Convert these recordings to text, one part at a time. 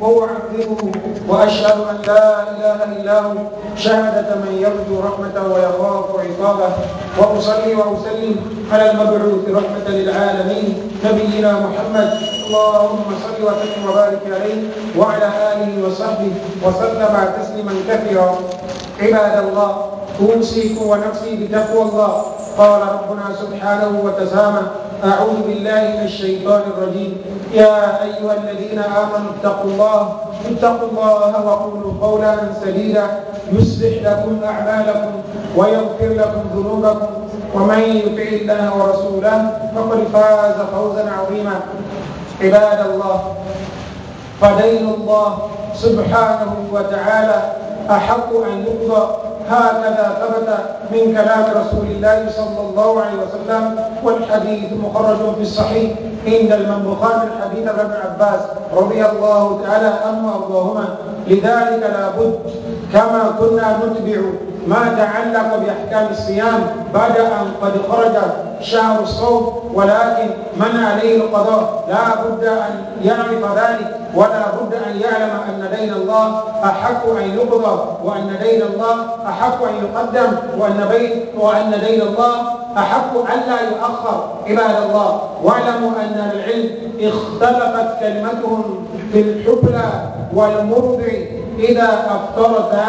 وأعظمه وأشهد أن لا إله إلا هو شهادة من يرجو رحمته ويخاف عقابه وأصلي وأسلم على المبعوث رحمة للعالمين نبينا محمد اللهم صل وسلم وبارك عليه وعلى آله وصحبه وسلم تسليما كثيرا عباد الله أوصيكم ونفسي بتقوى الله قال ربنا سبحانه وتسامى أعوذ بالله من الشيطان الرجيم يا أيها الذين آمنوا اتقوا الله اتقوا الله وقولوا قولا سديدا يصلح لكم أعمالكم ويغفر لكم ذنوبكم ومن يطع الله ورسوله فقد فاز فوزا عظيما عباد الله فدين الله سبحانه وتعالى أحق أن يقضى هكذا ثبت من كلام رسول الله صلى الله عليه وسلم والحديث مخرج في الصحيح عند البخاري الحديث عن ابن عباس رضي الله تعالى عنه وارضاهما لذلك لابد كما كنا نتبع ما تعلق بأحكام الصيام بعد أن قد خرج شهر الصوم ولكن من عليه القضاء لا بد أن يعرف ذلك ولا بد أن يعلم أن دين الله أحق أن يقضى وأن دين الله أحق أن يقدم وأن, بيت وأن دين الله أحق ألا يؤخر عباد الله واعلموا أن العلم اختلفت كلمتهم في الحبلى والمرضع إذا افترضا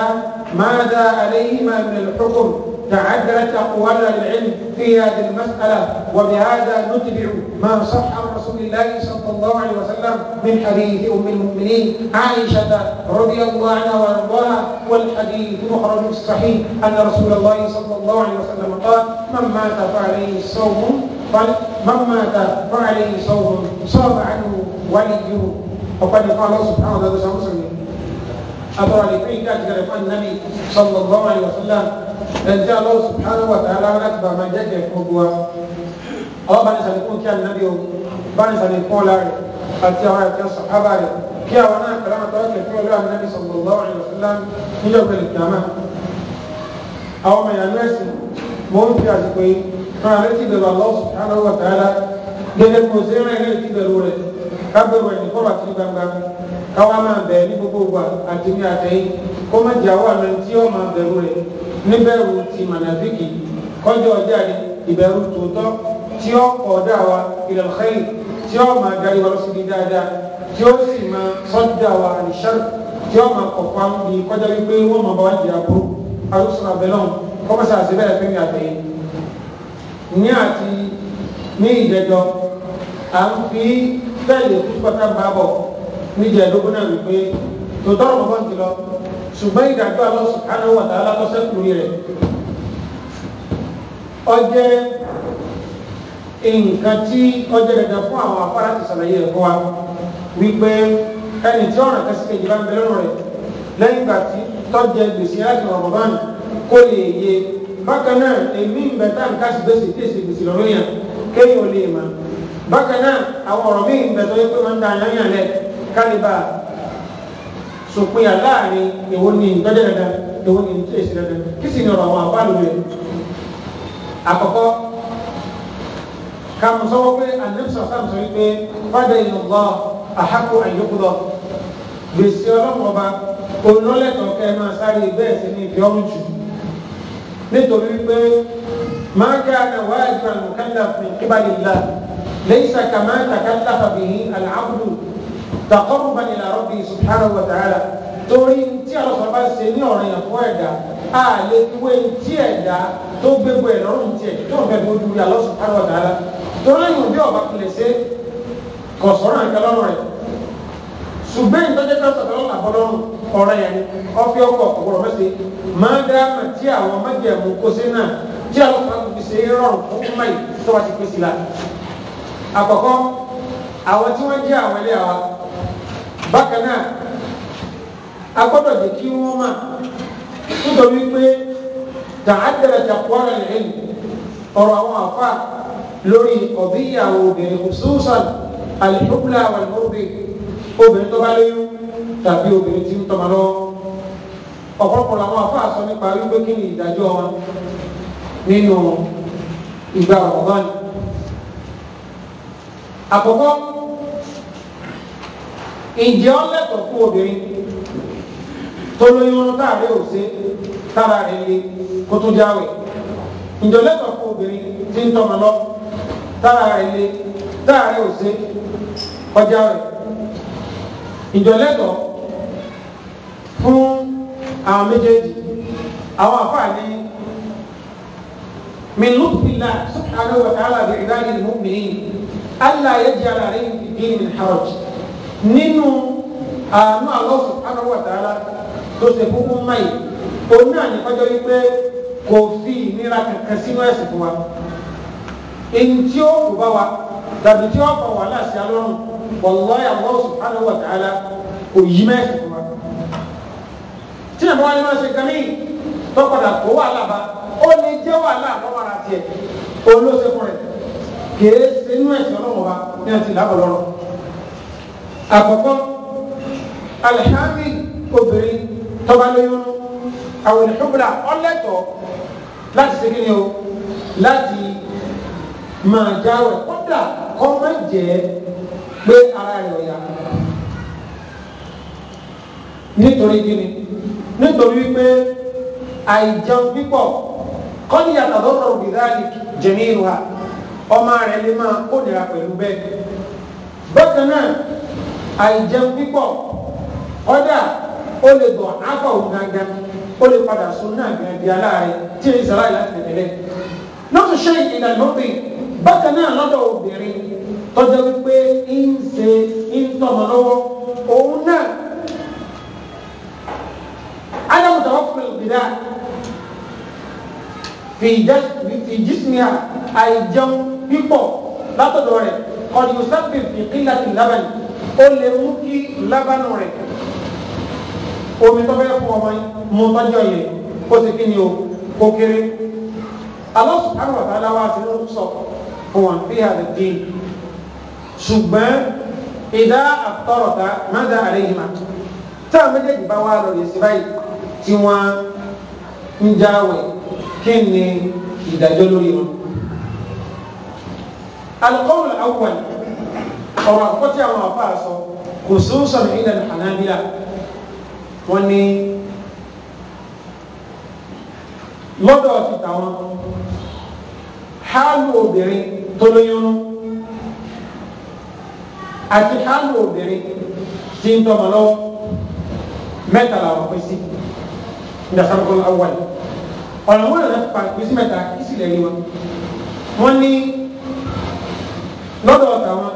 ماذا عليهما من الحكم تعدلت أقوال العلم في هذه المسألة وبهذا نتبع ما صح عن رسول الله صلى الله عليه وسلم من حديث أم المؤمنين عائشة رضي الله عنها وأرضاها والحديث مخرج الصحيح أن رسول الله صلى الله عليه وسلم قال من مات فعليه صوم قال من مات فعليه صوم صام عنه وليه وقد قال سبحانه وتعالى atọrọ ale fẹn kaa jigin fún Ànábì sallallahu alaihi wasallam ẹnti Allahu subhanahu wa ta'ala ala ba ma jẹ kẹ fún wa ọwọ bani sani fún kí Ànábì o bani sani fún la rẹ̀ àti àwọn àti sàhábà rẹ̀ kí àwọn náà kalama tọrọ kẹ fún olúwa Ànábì sallallahu alaihi wasallam níjọ́ pẹ̀lú kìama àwọn ọmọ yàrá ẹsìn mò ń fi àsìkò yìí fún alẹ́ ti bẹ̀rù Allahu subhanahu wa ta'ala gẹ́gẹ́ bí mo ṣe ń rẹ̀ gẹ́gẹ́ ti bẹ̀rù rẹ̀ kágbèrò ẹni kọ́rọ̀ àti gbangba káwá máa bẹ̀ ní gbogbo wa àti ní àtẹ̀yìn kó má jà wà lọ tí ó máa bẹ̀rù rẹ̀ níbẹ̀rù ti mànàfíkì kọjọ ọjà ni ìbẹ̀rù tòótọ́ tí ó kọ̀ dá wa ilal khair tí ó máa darí wa lọ síbi dáadáa tí ó sì máa sọ́dá wa àlìṣàr tí ó máa kọ̀kọ́ ní kọjá wípé wọ́n máa bá wá jìyà burú arúgbó abẹ́lọ́n kọ́mọ́sá àti bẹ́ẹ̀ fẹ́ mi àtẹ̀yìn ní àti ní ìdẹ́jọ́ à ń fi bẹ́ẹ̀ lè kú pátá bá bọ̀ níjà ìdógún náà wípé tòótọ́ ọ̀rọ̀ bọ́ ti lọ ṣùgbọ́n ìdájọ́ Allah subhanahu wa ta'ala lọ́sẹ̀kù rẹ̀ ọjẹ́ nǹkan tí ọjẹ́ dandan fún àwọn afárá ti ṣàlàyé ẹ̀kọ́ wa wípé ẹni tí ọ̀ràn kẹsìkejì bá ń bẹ lọ́rùn rẹ̀ lẹ́yìn ìgbà tí tọ́jẹ́ gbèsè láti ọ̀rọ̀ bàbá nù kó lè yé bákan náà èmi ìgbà tá à tí èsì gbèsè lọ́rọ̀ yẹn kéèyàn lè máa bákan náà àwọn ọ̀rọ̀ míì ń bẹ tó yẹ pé wọ́n ń da yányàn lẹ kálíbà sòpinya láàrin èwo ni ìtọ́jẹ́ dandan èwo ni ìtọ́ èsì dandan kí sì ni ọ̀rọ̀ àwọn àbá lóore àkọ́kọ́ kàmù sọ wọ́n pé anamsa sàm sọ wípé fada ìlọ́gbọ́ àhàkù àyọkùdọ̀ gbèsè ọlọ́run ọba kẹ́ máa sáré bẹ́ẹ̀ sí ní ìfẹ́ ọ̀run jù nítorí wípé máa ká àwọn àjọ ليس كما تكلف به العبد تقربا إلى ربه سبحانه وتعالى torí tí àlọ́sọ̀rọ̀ bá ṣe ní ọ̀ràn yẹn fún ẹ̀dá a lè fiwé tí ẹ̀dá tó gbégbó ẹ̀ lọ́rùn tiẹ̀ tó ń bẹ bójú rí Allah subhanahu wa ta'ala tó lẹ́yìn bí ọba kìlẹ̀ ṣe kọ̀ sọ́rọ̀ nǹkan lọ́rùn rẹ̀ ṣùgbọ́n ìtọ́jẹ́ kan sọ̀tọ̀ lọ́nà àbọ̀lọ́rùn ọ̀ràn yẹn ọ̀fẹ́ ọkọ̀ ọ̀gbọ̀rọ̀ mẹ́sẹ̀ máa àkọ́kọ́ àwọn tí wọ́n jẹ́ àwọn ilé àwa bákan náà a gbọ́dọ̀ jẹ́ kí wọ́n mà nítorí pé tààdàrà tàkùwárà lẹ́yìn ọ̀rọ̀ àwọn àfa lórí ọ̀bíyàwó obìnrin kùsùsàn àlùfọ́kùlà àwàlùmọ́bì obìnrin tó bá lóyún tàbí obìnrin tí ń tọmọ lọ ọ̀pọ̀lọpọ̀ làwọn àfa sọ nípa wípé kí ni ìdájọ́ wọn nínú ìgbà ọ̀gbọ́n àkọ́kọ́ ǹjẹ́ ọ lẹ́tọ̀ọ́ fún obìnrin tó lóyún ọdún táàrí ò ṣe tára rẹ̀ le kó tó jáwẹ̀ ǹjẹ́ ọ lẹ́tọ̀ọ́ fún obìnrin tí ń tọmọ lọ tára rẹ̀ le tára rẹ̀ ò ṣe kọjá rẹ̀ ǹjẹ́ ọ lẹ́tọ̀ọ́ fún àwọn méjèèjì àwọn àfààní min lutfi Allah subhanahu wa ta'ala bi ibadihi al Allah yaj'ala alayhim fi dini min haraj nínú àánú Allah subhanahu wa ta'ala tó ṣe fún fún máyì òun náà ní kọjọ́ wípé kò fi ìnira kankan sínú ẹ̀sìn fún wa èyí tí ó kò bá wa tàbí tí ó kọ̀ wà láti alọ́run wallahi Allah subhanahu wa ta'ala kò yí mẹ́sìn fún wa tí ẹ̀bọ́n ayé máa ṣe kan kó wà lába ó lè jẹ́ wà láàbọ̀ wàrà tiẹ̀ òun rẹ̀ kèé ṣe inú ẹ̀sìn ọlọ́run wa ní àti ìdábọ̀ lọ́rọ̀ àkọ́kọ́ alihami obìnrin tọ́ba lóyún àwọn ìlúbra ọlẹ́tọ̀ láti ṣe kíni o láti máa jáwẹ̀ kódà kọ́ máa jẹ́ pé ara rẹ̀ ọ̀yà nítorí kíni nítorí pé àìjẹun pípọ̀ kọ́ni yàtọ̀ lọ́rọ̀ bìrẹ́àlì jẹ̀mí ìlú ha ọmọ rẹ̀ lè máa kó nira pẹ̀lú bẹ́ẹ̀ bákan náà àìjẹun pípọ̀ ọ̀dà ó lè gbọ̀n áfà òun gangan ó lè padà sún náà gan di aláàárẹ̀ tí èyí sàlàyé láti tẹ̀lé lọ́tún ṣe ìdàlọ́pìn bákan náà lọ́dọ̀ obìnrin tọ́jú wípé ń ṣe ń tọmọ lọ́wọ́ òun náà ádámù tàwọn kùnrin òbí dáa fi jismiya àìjẹun pípọ̀ látọ̀dọ̀ rẹ̀ kọ̀dí yusafi fi qillati labani ó lè mú kí lábànú rẹ̀ omi tó fẹ́ fún ọmọ mú tọ́jọ́ yẹn ó sì kí ni o kó kéré Allah subhanahu wa ta'ala wá sí ló sọ fún wọn fi hàn dín ṣùgbọ́n ìdá àtọ̀rọ̀ta mẹ́ta àríyìnmá tá a méjèèjì bá wà lórí ìsìn báyìí tí wọ́n ń jáwèé kí ni ìdájọ́ lórí wọn. alikọ́wùn àwọn ọ̀rọ̀ àkọ́kọ́ tí àwọn àfa sọ kò sún sọ̀rọ̀ ìdá Hanabila wọ́n ní lọ́dọ̀ ti tàwọn hálù obìnrin tó lóyún àti hálù obìnrin tí ń tọmọ lọ́wọ́ mẹ́tàlá wọ́n pèsè ìdásọ́rọ̀kọ́ àwọn ọ̀nà wọn nana pa gbèsè mẹ́ta ìsìlẹ̀ yìí wọn wọn ní lọ́dọ̀ ọ̀tà wọn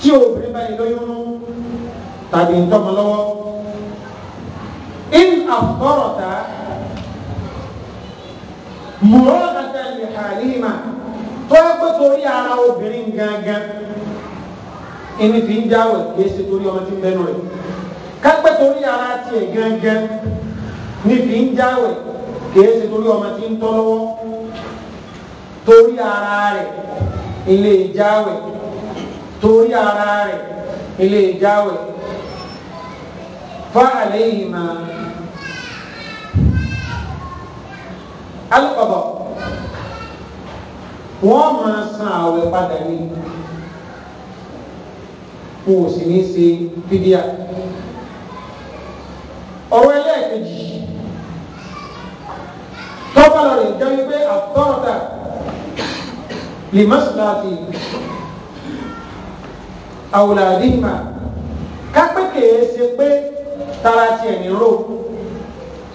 tí obìnrin bá ní lóyún tàbí ntọ́mọ lọ́wọ́ in àfọ̀rọ̀ta mùrọ̀dàtà lè hàlímà tó yẹ kó torí ara obìnrin gangan ẹni tí ń jáwèé kìí ṣe torí ọmọ tí ń bẹnu rẹ̀ kápẹ́ torí ara tiẹ̀ gangan nífi ń jáwẹ̀ kìí ṣe torí ọmọ tí ń tọ́ lọ́wọ́ torí ara rẹ̀ ilé ìjáwẹ̀ torí ara rẹ̀ ilé ìjáwẹ̀ fáàlẹ́ ìmọ̀ alùpàbọ̀ wọ́n máa san àwẹ̀ padà ní wọn sì ní ṣe fídíà ọ̀rọ̀ ẹlẹ́ẹ̀kejì tọ́pọ̀lọ́ rẹ̀ jẹ́ wípé àtọ́rọ̀tà lè mọ́sùlá ti àwòlàdìmà kápẹ́ kèé ṣe pé tara ti ẹ̀ ní ró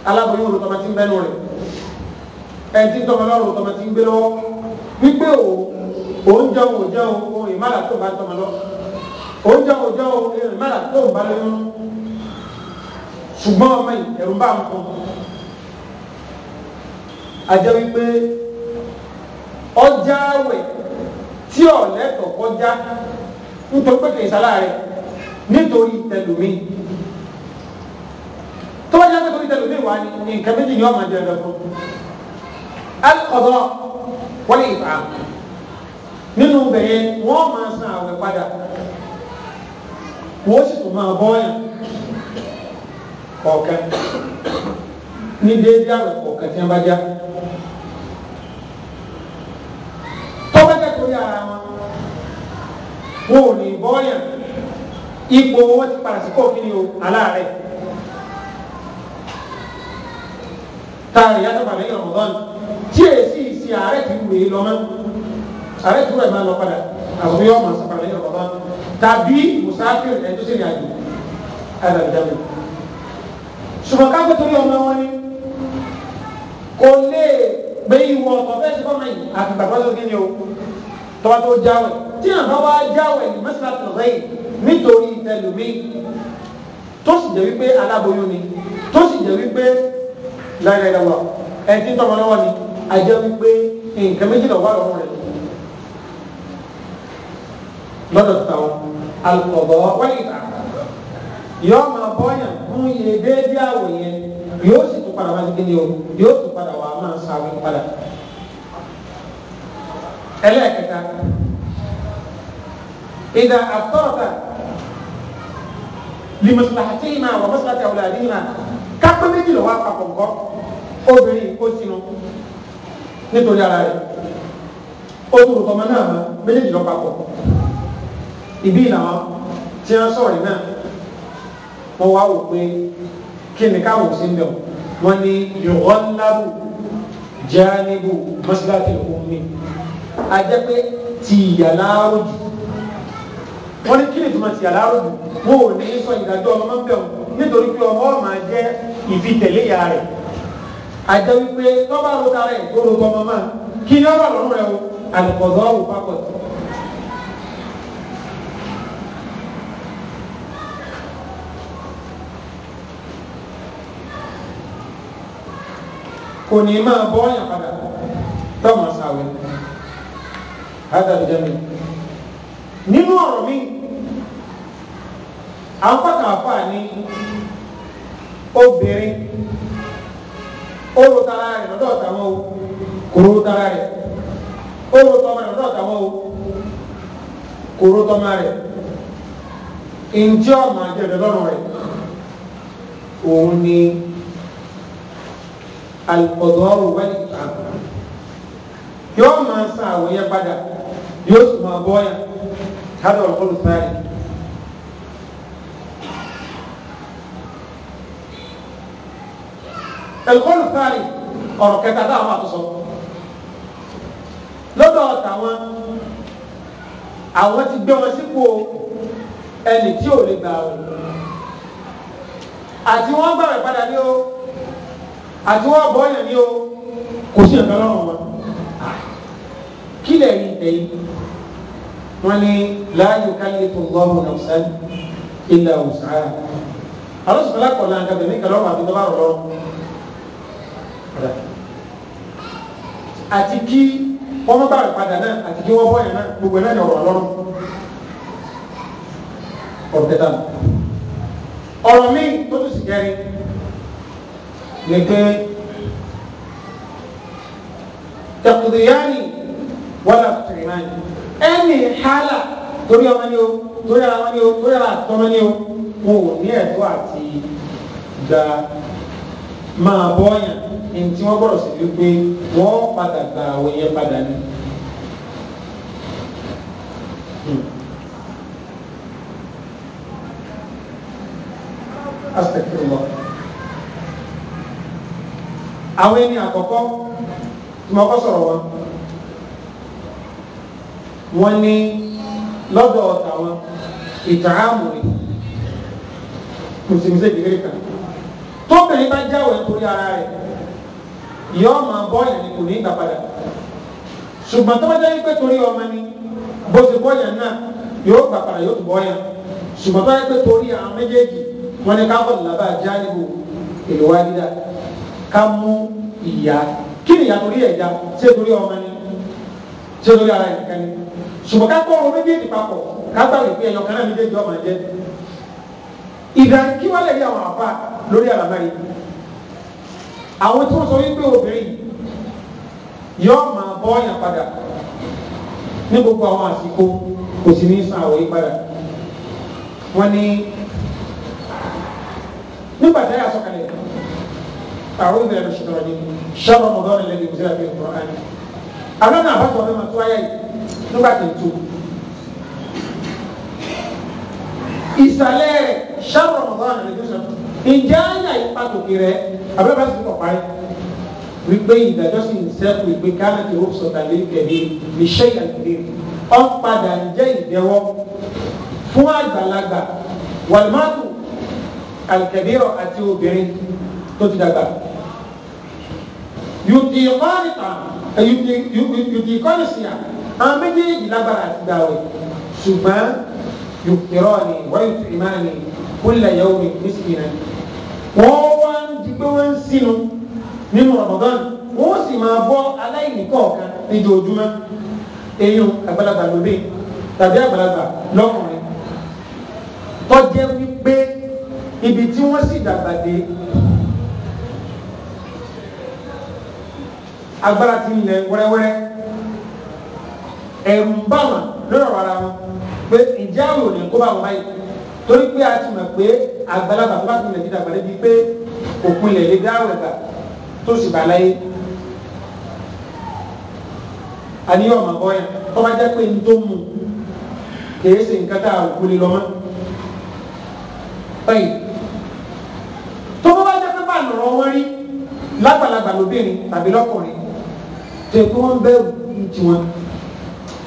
aláboyún olùtọ́mọ tí ń bẹ́nu rẹ̀ ẹni tí tọmọ lọ́rùn tọmọ tí ń gbé lọ́wọ́ wípé o òun jẹun ò jẹun o ìmára tó bá tọmọ lọ òun jẹun ò o ìmára tó bá lóyún ṣùgbọ́n ọmọ yìí ẹ̀rù bá ń kọ́ ajẹ́ wípé ọjà àwẹ̀ tí ọ̀lẹ́tọ̀ kọjá nítorí pé kìí sálá rẹ̀ nítorí tẹlùmí tó bá jẹ́ nítorí tẹlùmí wà ní nǹkan méjì ni ọmọ jẹ́ ẹ̀dọ̀fọ́ alkọ̀dọ̀ wọ́n lè fà á nínú bẹ̀yẹ wọ́n máa san àwẹ̀ padà wọ́n sì tún máa bọ́ yàn kọ̀ọ̀kan ní déédéé àwẹ̀ kọ̀ọ̀kan tí wọ́n bá já tọ́bẹ́tẹ̀ torí ara wọn wọn ò ní bọ́ọ̀yàn ipò owó ti padà sí kóòkì ni o aláàárẹ̀ tá a lè yá sábà lẹ́yìn ọ̀mọ̀dán tí èsì ìsì ààrẹ ti wèé lọ mọ́ ààrẹ ti wúrẹ̀ máa lọ padà àwọn yóò máa sábà lẹ́yìn ọ̀mọ̀dán tàbí musafir ẹ̀ tó sì ní àjò alàdàmù ṣùgbọ́n ká pẹ̀tọ́ ọmọ wọn ni kò lè gbé ìwọ ọ̀tọ̀ fẹ́ ṣe fọ́mọ yìí àti bàbá tó kíni o tọ́ba tó jáwẹ̀ tí àbá wa jáwẹ̀ ní mẹ́sàlá tó rẹ̀ nítorí tẹlumi tó sì jẹ́ wípé aláboyún ni tó sì jẹ́ wípé lára ìlàwà ẹni tí ń tọ́mọ ni a jẹ́ wípé nǹkan méjì lọ́wọ́ lọ́wọ́ rẹ̀ lọ́dọ̀ tàwọn alùpùpọ̀ wọ́n ìgbà yóò máa bọ́yàn fún iye déédéé àwọ̀ yẹn yóò sì tún padà wá sí kíni o yóò tún padà wá máa sáré padà. ẹlẹ́ẹ̀kẹta ìdá àtọ́ta limaslahatihima wa maslahati awladihima kápẹ́ méjì lọ́wọ́ àpapọ̀ nǹkan obìnrin kó sínú nítorí ara rẹ̀ ó tún tọmọ náà mọ méjèèjì papọ̀ ìbí ìlànà tí wọ́n sọ̀rọ̀ náà wọ́n wá wò pé kí ni káwọn sí mbẹ̀ wọ́n ní yọ̀ọ́lábù jáníbù mọ́sálásí omi ajẹ́ pé tìyà láàrú jù wọ́n ní kí ni ìtumọ̀ tìyà láàrú jù wọ́n ò ní sọ ìdájọ́ ọmọ mbẹ̀ wọn nítorí pé ọmọ ọmọ jẹ́ ìfitẹ̀lé rẹ̀ ajẹ́ wípé tọ́ba ló tara ẹ̀ tó ló tọ́ ọmọ máa kí ni ọba lọ́rùn rẹ̀ o àlùkò kò ní máa bọ́ ọ̀yàn padà tọ́mọ̀ sàwẹ̀ hádà jẹ́mi nínú ọ̀rọ̀ mi àǹfààkàǹfà ni obìnrin ó ro tara rẹ̀ lọ́dọ̀ tàwọn o kò ro tara rẹ̀ ó ro tọmọ rẹ̀ lọ́dọ̀ tàwọn o kò ro tọmọ rẹ̀ ǹjẹ́ ọ̀mọ̀ àjẹ̀dẹ̀ lọ́rùn rẹ̀ òun ni alùpọ̀dọ̀ wẹ́lì ìta yóò máa san àwọn yẹn padà yóò sì máa bọ́ yà hádà ọ̀kọ́lù sáré. ẹ̀kọ́lù sáré ọ̀rọ̀ kẹta táwọn àtúnṣọ lọ́dọ̀ tàwọn àwọn ti gbé wọn sípò ẹni tí ò lè gbà ọ́ àti wọ́n gbàgbé padà ní o àti wọ́n bọ́ yàn ní o kò sí nǹkan lọ́rùn wọn kí lè rí tẹ̀yìn wọn ni la yukallifu Allahu nafsan illa wus'aha alọ́sọ̀tàlá kọ̀ náà kàbẹ̀ ní kàlọ́rùn àti tọ́lá rọ̀ àti kí wọ́n bá rẹ̀ padà náà àti kí wọ́n bọ́ yàn náà gbogbo náà ni ọ̀rọ̀ lọ́rùn ọ̀rọ̀ kẹta ọ̀rọ̀ míì tó tún sì kẹrin yake tẹkùdìyàní wọlé tìrìmánì ẹni hálà torí ọmọ ni o torí ara wọn ni o torí ara àtọmọ ni o wọn ò ní ẹ̀tọ́ àti gba máa bọyàn ẹni tí wọn gbọ́dọ̀ sí wípé wọn padà gba àwọn yẹn padà ni. Astaghfirullah àwọn ẹni àkọ́kọ́ tí mo kọ́ sọ̀rọ̀ wọn wọ́n ní lọ́dọ̀ ọ̀tà wọn ìtààmù rẹ̀ mùsùlùmí kékeré kan tóbìnrin bá jáwé torí ara rẹ̀ yọ́ọ́ máa bọ́ ìyẹn kò ní ìgbà padà ṣùgbọ́n tó bá jẹ́ pé torí ọmọ ni bó ṣe bọ́yàn náà yóò gbà padà yóò tún bọ́yàn ṣùgbọ́n tó bá jẹ́ pé torí àwọn méjèèjì wọn ni káfọ́n làbá jáde bò èlò wá dídá ká mú ìyá kí ni ìyá torí ẹ̀dá ṣé torí ọmọ ni ṣé torí ara ẹ̀kan ni ṣùgbọ́n ká kọ́ ọ̀rọ̀ méjèèjì papọ̀ ká gbà wípé ẹ̀yọ̀ kan náà méjèèjì ọmọ jẹ́ ìdá kí wọ́n lè rí àwọn àbá lórí àlàbáyé àwọn tí wọ́n sọ wípé obìnrin yóò máa bọ́ ọ̀yàn padà ní gbogbo àwọn àsìkò kò sì ní san àwòrán padà wọ́n ní nígbà tí a yà sọ̀kalẹ̀ أعوذ بالله من الشيطان الرجيم شهر رمضان الذي أنزل فيه القرآن àwọn náà bá sọ̀rọ̀ màtó ayé nígbà tí n tó ìsàlẹ̀ rẹ̀ sábà ọ̀gbọ́n rẹ̀ tó sọ ǹjẹ́ àyà ìpàtòkì rẹ̀ abẹ́bẹ́ sì pọ̀ parí wípé ìdájọ́ sì ń sẹ́kù ìgbé káàmì tó ó sọ̀tà lé kẹ̀lé níṣẹ́ ìyàgbẹ́ ọ̀ padà ń jẹ́ ìdẹ́wọ́ fún àgbàlagbà wàlúmọ́tò àlùkẹ́bí rọ̀ àti obìnrin tó ti dàgbà yòtì kọ́ni tà yòtì kọ́ni síyà àwọn méjèèjì lágbára àti gbàwé ṣùgbọ́n yòkìrọ́ọ̀nì wáyé tìmáàní kúlẹ̀ yẹ̀wò ní mísìkìnà wọ́n wá ń di pé wọ́n ń sínú nínú Ramadan wọ́n sì máa bọ́ aláìní kọ̀ọ̀kan níjòjúmọ́ eyín àgbàlagbà lóde tàbí àgbàlagbà lọ́kùnrin tó jẹ́ wípé ibi tí wọ́n sì dàgbà dé agbára ti ń lẹ wẹ́rẹ́wẹ́rẹ́ ẹ̀rù ń bà wọ́n lọ́rọ̀ ara wọn pé ìjà àwọn òní kó bá wọn báyìí torí pé a ti mọ̀ pé àgbàlagbà tó bá ti lẹ̀ ti dàgbà débi pé òpin lẹ̀ lè dáwọ̀ ẹ̀ka tó sì bá láyé àníyàn ọmọ bọ́yà tó bá jẹ́ pé n tó mú kìí ṣe nǹkan tá a kú lè lọ́mọ́ báyìí tó bá jẹ́ pé bá lọ́rọ̀ wọn rí lágbàlagbà lóbìnrin tàbí lọ́kùnrin tó yẹ kó wọ́n bẹ́ẹ̀ ti wọn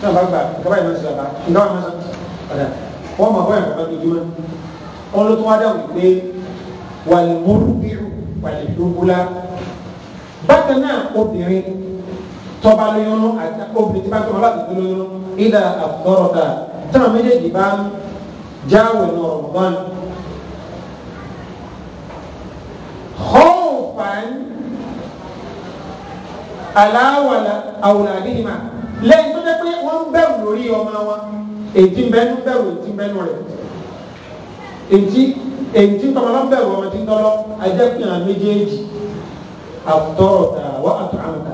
náà bá gbà nǹkan báyìí máa ń sọ nǹkan báyìí sọ ọ̀dà wọ́n máa bọ́ ẹ̀kọ́ bá dojúmọ́ wọn ló tún wá dáhùn pé wàlẹ̀ múlùbírù wàlẹ̀ dúbúlá bákan náà obìnrin tọ́ba lóyún àti obìnrin tí bá tọ́ba láti lóyún ìdá àfọ̀rọ̀dà táwọn méjèèjì bá ń jáwé ní ọ̀rọ̀ aláwàlà àwòránìhìmà lẹ́yìn tó jẹ́ pé wọ́n ń bẹ̀rù lórí ọmọ wọn èjì bẹ́nu bẹ̀rù èjì bẹ́nu rẹ̀ èjì èjì tọmọlọ́ bẹ̀rù ọmọ tí ń tọ́lọ́ ajẹ́pìnrán méjèèjì àtọ́ọ̀tà wọ́n àtọ́ àmọ̀tà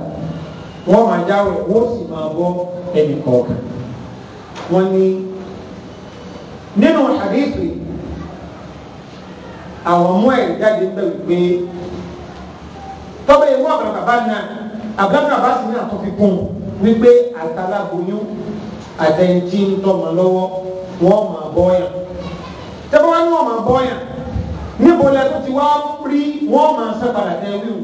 wọ́n máa jáwé wọ́n sì máa bọ́ ẹnì kọ̀ọ̀kan wọ́n ní nínú hadithi àwọn ọmọ ẹ̀ jáde ń bẹ̀ wípé tọ́bẹ̀ ìwọ́n àgbàlagbà náà abúlé abasi ní àtọ́fikún wípé àtàlágbóyún àtẹnjí ń tọmọ lọ́wọ́ wọ́n máa bọ́yàn tẹ́fọ́ wá ní wọ́n máa bọ́yàn níbo lẹ tó ti wá rí wọ́n máa sábàlá tẹ wíwù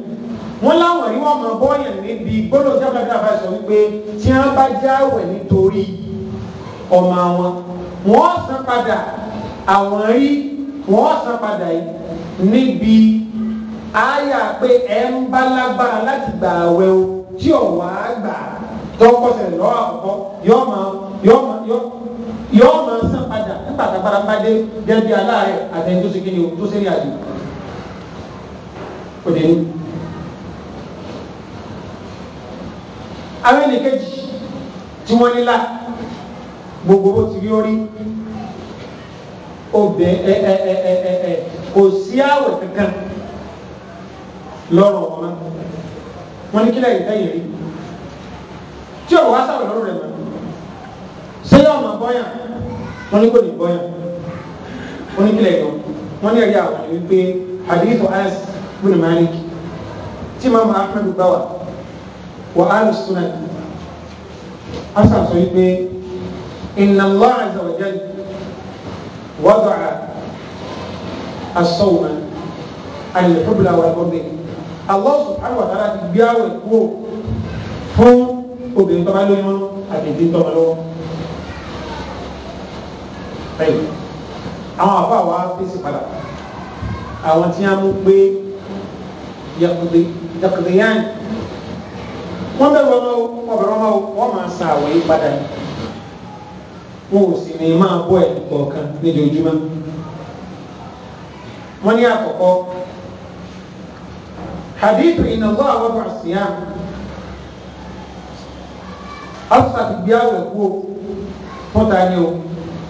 wọ́n láwọn rí wọ́n máa bọ́yàn níbi gbọ́dọ̀ tí abúlé abasi sọ wípé tí wọ́n bá jáwẹ̀ nítorí ọmọ àwọn wọ́n san padà àwọn rí wọ́n san padà níbi àyà pé ẹ ń bá lágbára láti gbà àwẹ̀ o tí ò wá gbà tọkọ sẹlẹ lọ àkọ́kọ́ yọọ máa yọọ máa yọọ máa sàn padà nígbà tágbára bá dé gẹ́gẹ́ bí aláàárẹ̀ àtẹni tó ṣe kí ni o tó ṣe ní àjò kò dé ní. àwọn ẹnìkejì tí wọ́n nílá gbogbo bó ti rí orí obìnrin ẹ ẹ ẹ ẹ ẹ kò sí àwẹ̀ kankan lọ́rọ̀ ọmọ wọn ní kílẹ̀ ìtẹ́yìn rí tí ọ̀rọ̀ wá sàwẹ̀ lọ́rọ̀ rẹ̀ mọ́ ṣé yọ ọmọ bọ́yàn wọn ní kò ní bọ́yàn wọn ní kílẹ̀ ìtọ́ wọn ní ẹ̀rí àwọn ìwé pé hadithu Anas bin Malik tí màá ma Ahmed gbà wá wà á lù súnà asan sọ wípé inna Allah azza wa jalla wada'a as-sawma al-hubla Allah subhanahu wa ta'ala ti gbé àwẹ̀ kúrò fún obìnrin tọ́ba lóyún àti ìdí tọ́ba lọ́wọ́. àwọn àbá wa fèsì padà àwọn tí wọ́n mú pé yàkùdìyàn wọ́n bẹ̀rù ọmọ o wọ́n bẹ̀rù ọmọ o wọ́n máa san àwẹ̀ yìí padà yìí wọn ò sì ní máa bọ́ ẹ̀ kọ̀ọ̀kan nídìí ojúmọ́ wọ́n ní àkọ́kọ́ حديث إن الله wada siyam asa ti gbé awẹ kú o fún tani o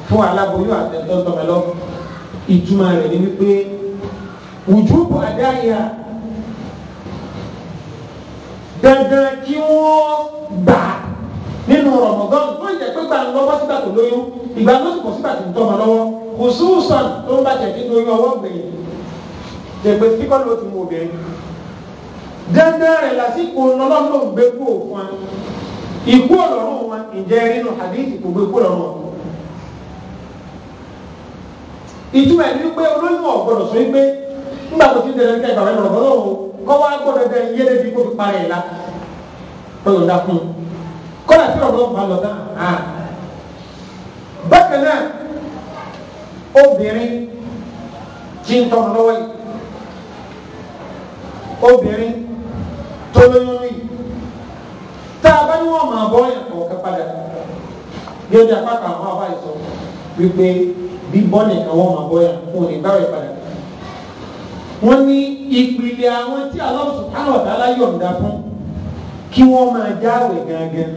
fún aláboyún àtẹ̀tọ́tọ́mẹlọ ìtumọ̀ rẹ̀ ni wípé wujubu adáyà dandan kí wọ́n gbà nínú Ramadan tó yẹ pé gbà lọ́wọ́ sígbà tó lóyún ìgbà ló sì pọ̀ sígbà tó ń tọ́mọ kò sùn sàn tó ń bàjẹ́ nínú oyún ọwọ́ gbẹ̀yìn jẹ́ pé kíkọ́ ti mú obìnrin dandan rẹ̀ lásìkò lọ́lọ́lọ́ gbé kú òkun wa ikú ọ̀lọ́run wa ǹjẹ́ rínú hadithi kò gbé kú ọ̀lọ́run ọ̀kun. ìtumọ̀ ẹni wípé olóyún ọ̀gbọ́dọ̀ sọ wípé nígbà tó ti ń dandan kẹfà rẹ̀ lọ́gbọ́dọ̀ o kọ́ wa gbọ́dọ̀ dẹ iye débi kó fi parẹ́ la lọ́dọ̀ dákun kọ́lá tí ọ̀gbọ́n bá lọ náà bákan náà obìnrin tí ń tọ́ lọ́wọ́ yìí obìnrin tó lóyún ní tá a bá ní wọn máa bọ́ ọ̀yàn kọ̀ọ̀kan padà lórí apá kan àwọn afáì sọ wípé bíbọ́ nìkan wọ́n máa bọ́ ọ̀yàn fún òní báwẹ̀ padà wọ́n ní ìpìlẹ̀ àwọn tí Allah subhanahu wa ta'ala yọ̀ǹda fún kí wọ́n máa jáwèé gangan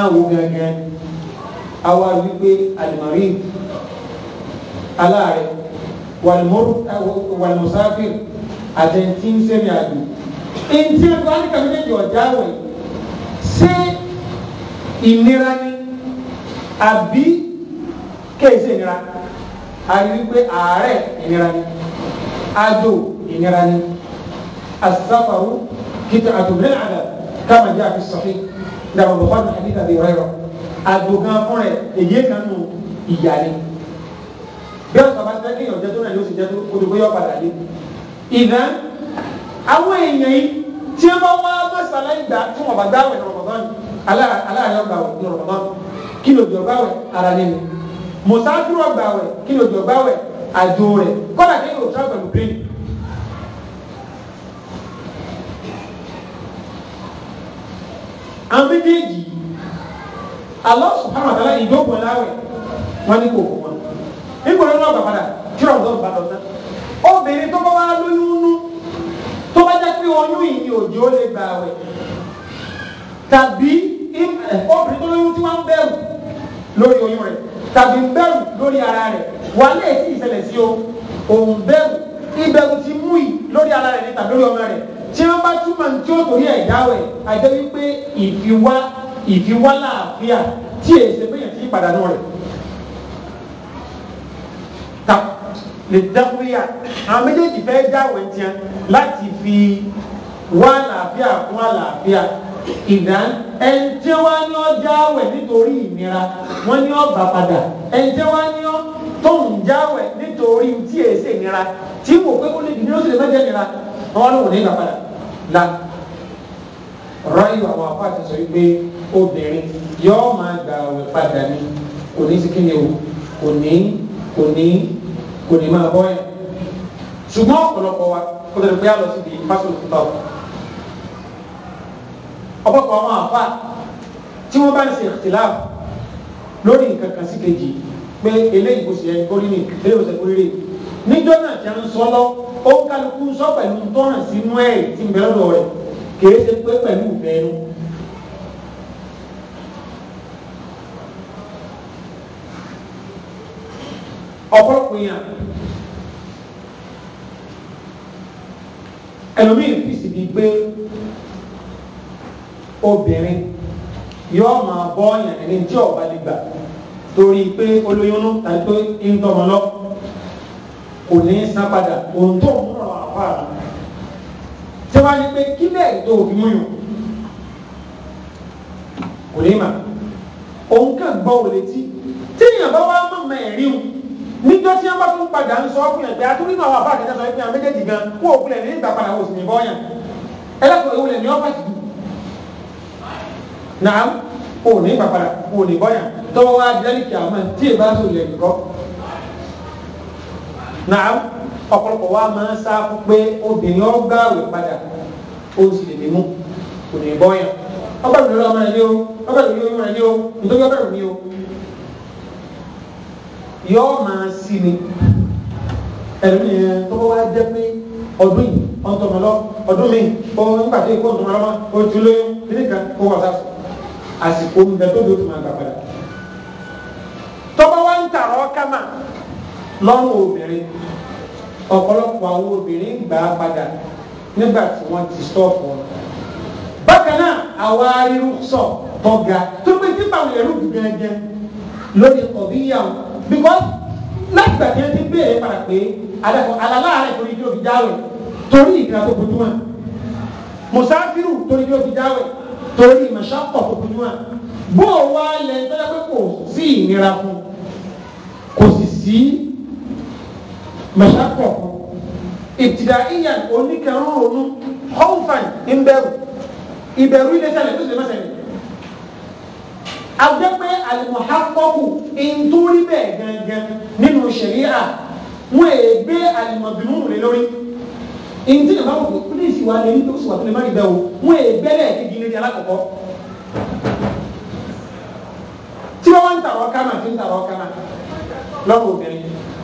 áwò gangan àwa wípé àlùmọ́rí aláàrẹ wàlùmọ́sáfì àtẹ̀ntì ń sẹ́mi àgbè ntí ẹgbẹ́ alika méjèèjì ọ̀já wọ̀ yìí ṣé ìnira ni àbí kéèsì ìnira àrí wípé àárẹ̀ ìnira ni àjò ìnira ni asafaru kìtà àtòmílẹ̀ àdà kama jẹ́ àfi sọ̀fì dàbọ̀ bọ̀ fún àdìsí àti ìrọ̀rọ̀ àjò gan fún rẹ̀ èyí kan nù ìyá ni bí ọ̀sán bá ti fẹ́ kéèyàn jẹ́ tó náà yóò sì jẹ́ tó kó yọ̀ padà dé ìdá àwọn èèyàn yìí tí ẹ bá wá mọ́sálá ìgbà tí wọ́n bá dáwẹ̀ ní Ramadan aláàárẹ̀ ọgbà wẹ̀ ní Ramadan kí ló jọ gbàwẹ̀ ara nínú mùsàfírù ọgbà wẹ̀ kí ló jọ gbàwẹ̀ àjò rẹ̀ kọ́dà kí ló sọ pẹ̀lú pé. àwọn méjèèjì Allah subhanahu wa ta'ala ìdókòó láwẹ̀ wọn ní kò kò wọn nígbà wọn náà gbà padà kí Ramadan bá lọ náà obìnrin tó bá wá lóyún nú jẹ́ pé oyún yìí ni òjò lè gbà wẹ̀ tàbí eh, obìnrin tó lóyún tí wọ́n ń bẹ̀rù lórí oyún rẹ̀ tàbí ń bẹ̀rù lórí ara rẹ̀ wà lè sí ìṣẹ̀lẹ̀ sí o òun bẹ̀rù ìbẹ̀rù ti mú yìí lórí ara rẹ̀ ní tàbí lórí ọmọ rẹ̀ tí wọ́n bá túmọ̀ tí ó torí ẹ̀dá wẹ̀ àjẹ́ wípé ìfiwá ìfiwá làáfíà tí èsè péyàn ti pàdánù rẹ̀ lè dákúyà àwọn méjèèjì fẹ́ jáwé tiẹ̀ láti fi wá àlàáfíà fún àlàáfíà ìdá ẹni tí wọ́n ní ọ́ jáwé nítorí ìnira wọ́n ní ọ́ bà padà ẹni tí wọ́n ní ọ́ tó ń jáwé nítorí tí èyí ṣe ìnira tí wò pé ó lè dìde ó sì lè mẹ́jẹ̀ ìnira wọ́n lòun ní ìgbà padà la ráyò àwọn afọ àti sọ wípé obìnrin yóò máa gbà ọ̀rẹ́ padà ní kò ní sí kí ni o kò ní kò ní kò ní máa bọ́ yẹn ṣùgbọ́n ọ̀pọ̀lọpọ̀ wa kò tẹ̀lé pé a lọ síbi pásítọ̀ tó tọ̀ ọ̀pọ̀pọ̀ àwọn àfa tí wọ́n bá ń ṣe ìtìláàbù lórí nǹkan kan sí kejì pé eléyìí kò sì ẹ kórì ní eléyìí kò sì ẹ kórì rè níjọ́ náà tí ń sọ lọ ó ń kálukú sọ pẹ̀lú tọ́ràn sínú ẹ̀ tí ń bẹ lọ́dọ̀ rẹ̀ kìí ṣe pé pẹ̀lú ìfẹ́ inú. ọ̀pọ̀lọpọ̀ èèyàn ẹlòmíì fi síbi pé obìnrin yóò máa bọ́ ọ̀yàn ẹni tí ọba lè gbà torí pé olóyún náà tàbí tó ń tọmọ lọ kò ní í san padà òun tó ń rọrùn àpá rẹ tí wọ́n á yí pé kí bẹ́ẹ̀ tó òbí mú yàn kò ní mà òun kàn gbọ́ òlétí tí èèyàn bá wá mọ̀ mẹ́rin o níjọ́ tí wọ́n bá tún padà ń sọ fún yàn pé atúrí náà wà fún àkẹ́kẹ́ sọ pé àwọn méjèèjì gan wọn ò kulẹ̀ ní ìgbà padà wò sí ní bọ́ọ̀yàn ẹlẹ́kọ̀ọ́ ewu lẹ̀ ní ọ́fà sí nàám ò ní ìgbà padà wò ní bọ́ọ̀yàn tọ́wọ́ wá dẹ́rìkì àmọ́ tí ì bá sọ ilẹ̀ nìkọ́ nàám ọ̀pọ̀lọpọ̀ wa máa ń sá fún pé obìnrin ọgbà àwẹ̀ padà ó sì lè mímú kò ní bọ́ọ̀yàn ọgbà yọọ máa sí ni ẹlòmíì yẹn tó bá wá jẹ pé ọdún yìí wọn tọmọ lọ ọdún mi ó ń pàtó ikú ọtọmọ lọmọ ojú lóyún kíní kan kó wọ sásù àsìkò ń bẹ tó dòtú máa gbà padà tọ́gbọ́n wá ń tààrọ̀ kámà lọ́rùn obìnrin ọ̀pọ̀lọpọ̀ àwọn obìnrin gbà á padà nígbà tí wọ́n ti stọ́ọ̀pù wọn. bákan náà àwa irú sọ tọ́ga tó pé tí báwọn ẹ̀rú gbẹ̀gẹ̀ lórí ọ̀bíyàwó because láti gbà tí wọ́n ti béèrè padà pé adakọ̀ alaláàárẹ̀ torí kí o fi jáwé torí ìgbìyànjú tó bójúmọ́ musafiru torí kí o fi jáwé torí ìmọ̀ṣápọ̀ tó bójúmọ́ bó o wá lẹ tọ́jà pé kò sí ìnira fún kò sì sí mọ̀ṣápọ̀ fún ìtìdá ìyàn oníkẹrún ònú ọ̀hún fàn ń bẹ̀rù ìbẹ̀rù ilé sẹlẹ̀ tó sì lè agbẹ́pẹ́ alimuhakọ́kù ntúrí bẹ́ẹ̀ gangan nínú ṣẹ̀ríà wọ́n èé gbé alimọ̀bìmú rẹ̀ lórí ntí nàbà wò ó ní ìsìwà lè ní oṣù àtúnlẹ̀ má rí bẹ́ẹ̀ o wọ́n èé gbẹ́lẹ̀ kejì lórí alákọ̀ọ́kọ́ tí wọ́n wá ń tàrọ̀ kánà tí ń tàrọ̀ kánà lọ́rùn obìnrin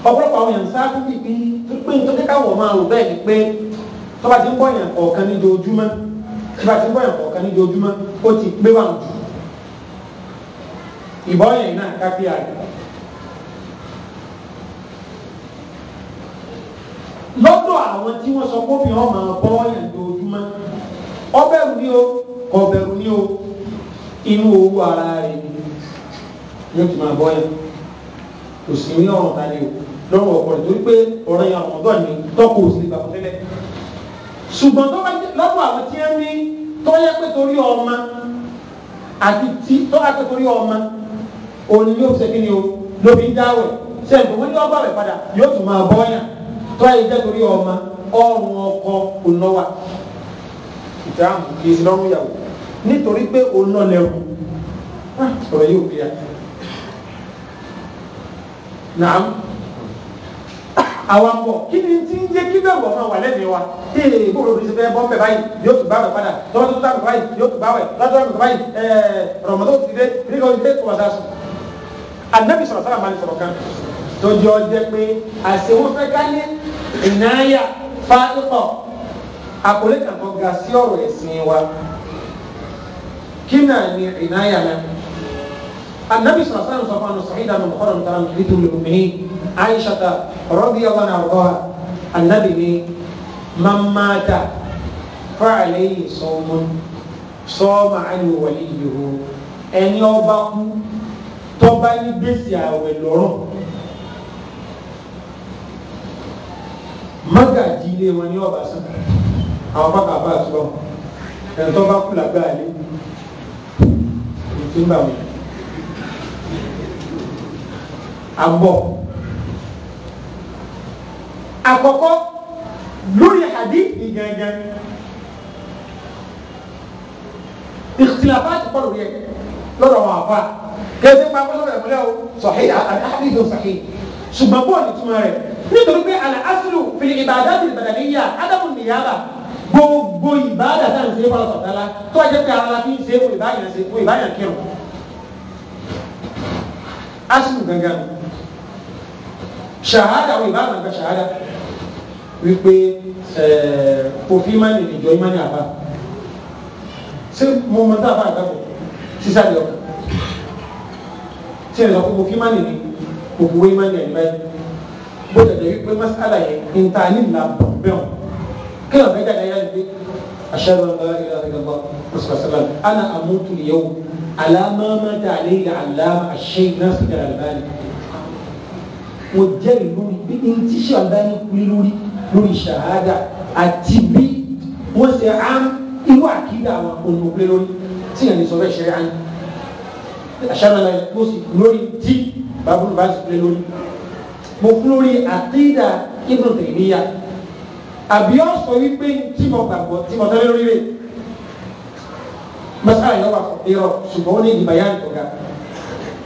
ọ̀pọ̀lọpọ̀ àwọn èèyàn sáà kúkú ìpín pípé nítorí káwọ̀ máa rò bẹ́ẹ̀ ni pé tọ́ba ti ń bọ̀yàn kọ̀ọ̀kan kọ̀ọ̀kan ní ìbọ́yìn náà kápíà rẹ̀ lọ́dọ̀ àwọn tí wọ́n sọ pópin ọmọ bọ́ọ̀yìn lójúmọ́ ọbẹ̀rù ni o kọ̀bẹ̀rù ni o inú owó ara rẹ̀ yóò tún máa bọ́ọ̀yìn kò sí ní ọ̀rọ̀ o lọ́rùn ọ̀pọ̀ rẹ̀ torí pé ọ̀rọ̀ yẹn ọ̀rọ̀ dọ́ọ̀ni tọ́kù òsì nígbà kan tẹ́lẹ̀ ṣùgbọ́n lọ́dọ̀ àwọn tí wọ́n ní tọ́yẹ́ pé torí ọmọ àti tí tọ́yẹ́ pé torí ọmọ òní yóò ṣe kí ni o ló fi ń dáwẹ̀ ṣe nǹkan wọn ní ọgbà rẹ̀ padà yóò tún máa bọ́ yàn tó ayé jẹ́ torí ọmọ ọrùn ọkọ ònàwà ìdáhùn kì í ṣe lọ́rùn ìyàwó nítorí pé òun náà lẹ́rù sọ̀rọ̀ ah, yóò bí i naam àwọn bọ̀ kí ni tí ń jẹ́ kí bẹ́ẹ̀ wọ̀ fún wa lẹ́nu wa ee bó lóbi ṣe fẹ́ bọ́ bẹ́ẹ̀ báyìí yóò tún bá bẹ̀ padà tọ́wọ́ tó tún bá bẹ̀ báyìí yóò tún bá bẹ̀ lọ́tọ́ bẹ̀ báyìí ẹ̀ẹ́ rọ̀mọ́tò ti dé tó ti dé kó anabi sọ̀rọ̀ sábà máa ń sọ̀rọ̀ kan tọjọ jẹ pé àṣewọ́n fẹ́ ká ní ìnáyà fáńkọ̀ àkọlé kan tó ga sí ọ̀rọ̀ ẹ̀sìn wa kí náà ní ìnáyà náà anabi sọ̀rọ̀ sábà sọ̀rọ̀ fún sọ̀rọ̀ ìdáná mọ̀kọ́rọ̀ nǹkan kìlítù lómìnì Aisha ta radiyallahu anha anabi ni mamata fa'alayhi sawmun sọ́ọ̀mà àni wàlíyìí ẹni ọba kú tọ́ba ní gbèsè àwẹ̀ lọ́rùn mọ́gàjì ilé wọn ní ọ̀bà sàn àwọn pákàbá àtúbọ̀ ẹni tọ́ba kú làgbáà lé ètò ìgbà wọn. àbọ̀ àkọ́kọ́ lórí hadithi gẹ́gẹ́ ìkìlàfà ti pọ̀ lórí ẹ̀ lọ́dọ̀ wọn àfa kẹsí pa kọ́sọ́ rẹ̀ múlẹ̀ o sọ̀hí àdìsọ sọ̀hí ṣùgbọ́n bọ́ọ̀lù túmọ̀ rẹ̀ nítorí pé àlà aslu fi ìbàdà ti ìbàdàníyà ádámù nìyàbà gbogbo ìbàdà tá à ń ṣe fọlọ́ sọ̀tàlá tó wàá jẹ́ pé ara la fi ń ṣe fún ìbáyàn ṣe fún ìbáyàn kírun aslu gangan ṣahada o ìbáyàn gba ṣahada wípé òfin ìmánì ìjọ ìmánì àbá ṣé mo mọ tá a bá àgbà tí ẹ sọ fún òfin má nìyí òfin wéyí má ní ẹ̀yìn báyìí bó tẹ̀lé wípé masala yẹn níta ní ìlà bẹ̀rù kí ló fẹ́ jáde ayé àti ashhadu an la ilaha illallah rasulullah ana amutu al-yawm ala ma mata alayhi al-allama ash-shaykh Nasir al-Albani mo jẹ́rìí lórí bí n ti ṣe àdáni kuli lórí lórí ṣahada àti bí wọ́n ṣe á irú àkídà àwọn olùkọ́lé lórí tí yẹn ní sọ bẹ́ẹ̀ ṣe é á yìí. aṣáájú ìkóso lórí tí bábúrú bá sì lé lórí mo kú lórí àkídà Ibn Taymiyyah àbí ó sọ wípé tí mo gbàgbọ́ tí mo tẹ́lẹ̀ lórí rẹ̀ masala yẹn wà fún irọ́ ṣùgbọ́n ó ní ìdìbò yá ìgbọ̀gá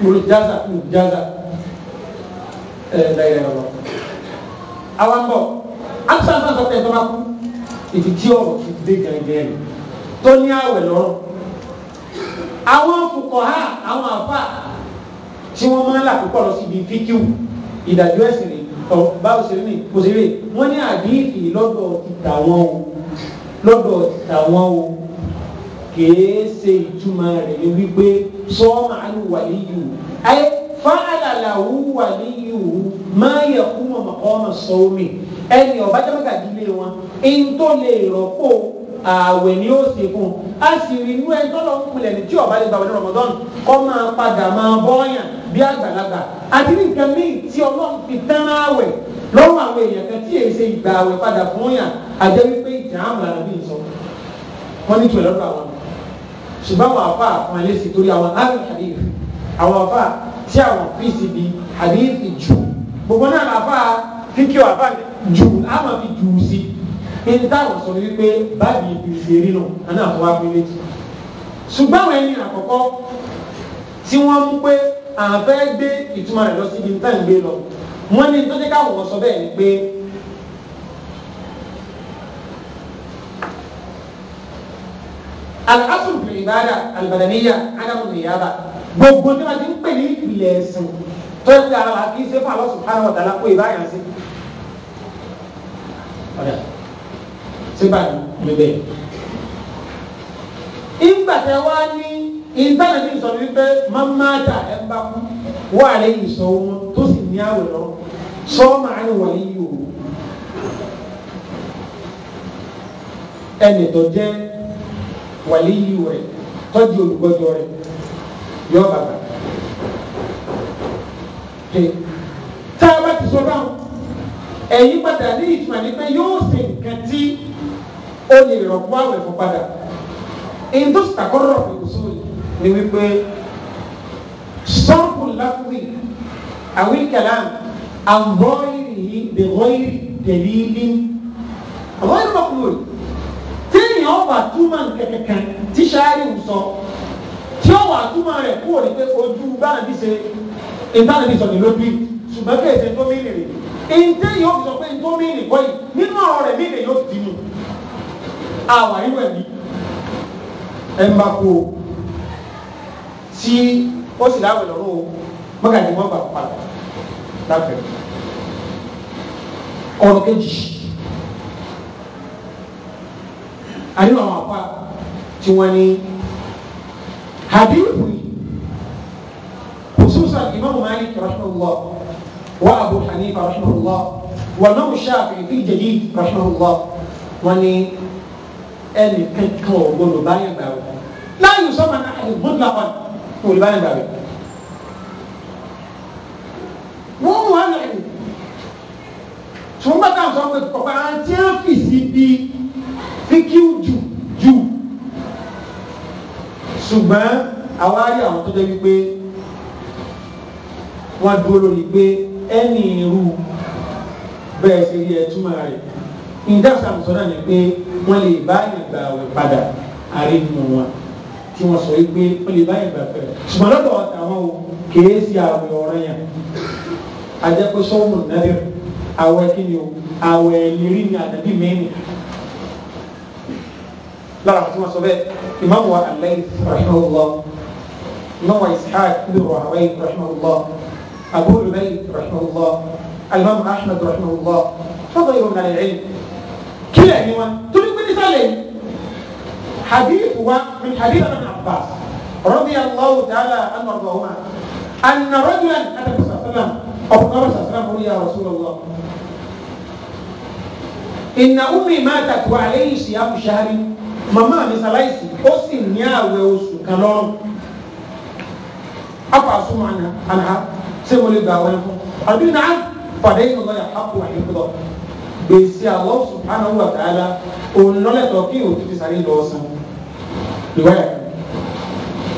olùjáza olùjáza ẹ̀ lẹ́yìn ẹ̀rọ àwọn bọ̀ amsa sọ pé ẹ̀ tó bá kú ìdí tí ọ̀rọ̀ ti dé gẹ̀ẹ́gẹ̀ẹ́ tó ní àwẹ̀ lọ́rùn àwọn fukọha àwọn afa tí wọ́n máa ń là púpọ̀ lọ síbi fíkíù ìdájọ́ ẹ̀sìn rẹ̀ ọ̀ báwo ṣe rí ni kò sí rí wọ́n ní àdíìfì lọ́dọ̀ tìta wọn o lọ́dọ̀ tìta wọn o kìí ṣe ìtumọ̀ rẹ̀ ni wípé sọ́ọ́mà ló wà níyù ayé fáàlàlàwù wà níyù máa yẹ kúmọ̀ mọ̀kọ́ ọmọ sọ́ọ́mì ẹni ọ̀bájọ́ mẹ́ta wọn ẹni tó lè rọ́pò ààwẹ̀ ni ó sì fún un a sì rí inú ẹni tọ́lọ̀ ń kulẹ̀ ní tí ọba lè gbàgbọ́ ní Ramadan kọ́ máa padà máa bọ́ọ̀yàn bí àgbàlagbà àti ní nǹkan míì tí ọlọ́run fi tán ààwẹ̀ lọ́wọ́ àwọn èèyàn kan tí èyí ṣe ìgbà ààwẹ̀ padà fún yàn àjẹ́ wípé ìtàn àmàlà bí n sọ wọ́n ní tìwẹ̀ lọ́dọ̀ àwọn ṣùgbọ́n àwọn àfa àwọn ilé sì torí àwọn àrùn hadith àwọn àfa tí àwọn fíìsì bí hadith jù gbogbo náà àfa fíkì àfa jù ìdí táwọn sọ ni wípé báàbí ibi ìlérí nù àná àwọn wá péré jù ṣùgbọ́n àwọn ẹni àkọ́kọ́ tí wọ́n mú pé àfẹ́ gbé ìtumọ̀ rẹ̀ lọ sí ibi tá ń gbé lọ wọ́n ní tó dé káwọn sọ bẹ́ẹ̀ ni pé al-aslu fil ibada al-badaniyya adamu niyaba gbogbo tí wọ́n ti ń pè ní ìpìlẹ̀ ẹ̀sìn tó ti ara wa kì í fún Allah subhanahu wa ìbáyà sí síbàdí níbẹ̀. ìgbà tẹ wá ní ìtàn ẹni sọ wípé mọ́mọ́dà ẹ̀ ń bá kú wà lẹ́yìn sọ wọn tó sì ní àwẹ̀ lọ sọ́ọ́mà ni wà yí o. ẹnì tó jẹ́ wàlíyí rẹ̀ tọ́jú olùgbọ́jọ rẹ̀ yọ bàbá. tá a bá ti sọ báwọn ẹ̀yìn padà ní ìtumọ̀ nípa yóò ṣe nǹkan tí ó lè rọ̀gbọ́ àwọn ẹ̀kọ́ padà èyí tó sàkọ́rọ̀ ìkùsù ni wípé sọ́ọ̀kù láfùrì àwìn kàlám àwọ̀ìrì bẹ̀rọ̀ìrì tẹ̀lílì àwọ̀ìrì mọ̀kúrò téèyàn ọba túmọ̀ nkẹ̀kẹ̀kẹ̀ tí sáré ń sọ tí ó wà túmọ̀ rẹ̀ kúrò ní pé ojú báńdì ṣe ìbáńdì sọ̀rọ̀ lóbi ṣùgbọ́n kí èsè tó mí nìyí èyí téèyàn ọba sọ pé tó mí nìkọ́ yìí nínú ọ̀rọ̀ rẹ̀ mí nìyí ó ti mú un àwà ah, irú ẹ̀mí ẹ̀ ń bá kú o tí ó sì láwẹ̀ lọ́rùn o mọ́gàdé wọ́n gbà padà láfẹ̀. ọ̀rọ̀ kejì àdínà àwọn àpá tí wọ́n ní hadithu khususan imam malik rahimahullah wa abu hanifa rahimahullah wa nawu shafi'i fi jadid rahimahullah wọ́n ní ẹnì kankan ò gbọdọ̀ báyẹn gbà wẹ̀ láàyè sọ́mà náà àti gbọdọ̀ àwọn kò lè báyẹn gbà wẹ̀. wọ́n mú wọn lẹ́yìn ṣùgbọ́n bàtà sọ pé kọ̀ọ̀kan àti ẹ́fíìsì bí fíkíù jù jù ṣùgbọ́n àwa rí àwọn tó jẹ́ wípé wọ́n dúró lórí pé ẹnì irú bẹ́ẹ̀ ṣe rí túmọ̀ rẹ̀ ìdáhùn sọ̀rọ̀ ni pé wọ́n lè bá ìgbà wẹ̀ padà àrínú wọn tí wọ́n sọ wípé wọ́n lè bá ìgbà pẹ̀lú ṣùgbọ́n lọ́dọ̀ àwọn o kìí ṣe àwẹ̀ ọ̀ràn yẹn ajẹ́pẹ́ sọ́ọ̀mù nàbẹ̀ àwẹ̀ kí ni o àwẹ̀ ìlérí ni àdàbí mẹ́rin lára tí wọ́n sọ bẹ́ẹ̀ ìmáàmù wa alẹ́ rahimahullah ìmáàmù wa ishaq ibn kílẹ̀ ni wọn torí pé nísàlẹ̀ yìí hadith wa min hadith ibn abbas radiyallahu ta'ala anhu ọ̀gbọ̀n anna rajulan adamu sàlám ọ̀gbọ̀n sàlám orí ya rasulullah inna ummi matat wa alayhi siyamu shahri màmá mi sàláìsì ó sì ní àwẹ̀ oṣù kan lọ́rùn afa asum anha ṣé mo lè gbà wọ́n fún àbí nàá gbèsè Allah subhanahu wa ta'ala òun lọ́lẹ̀tọ̀ kí òtún ti sáré lọ san ìwáyà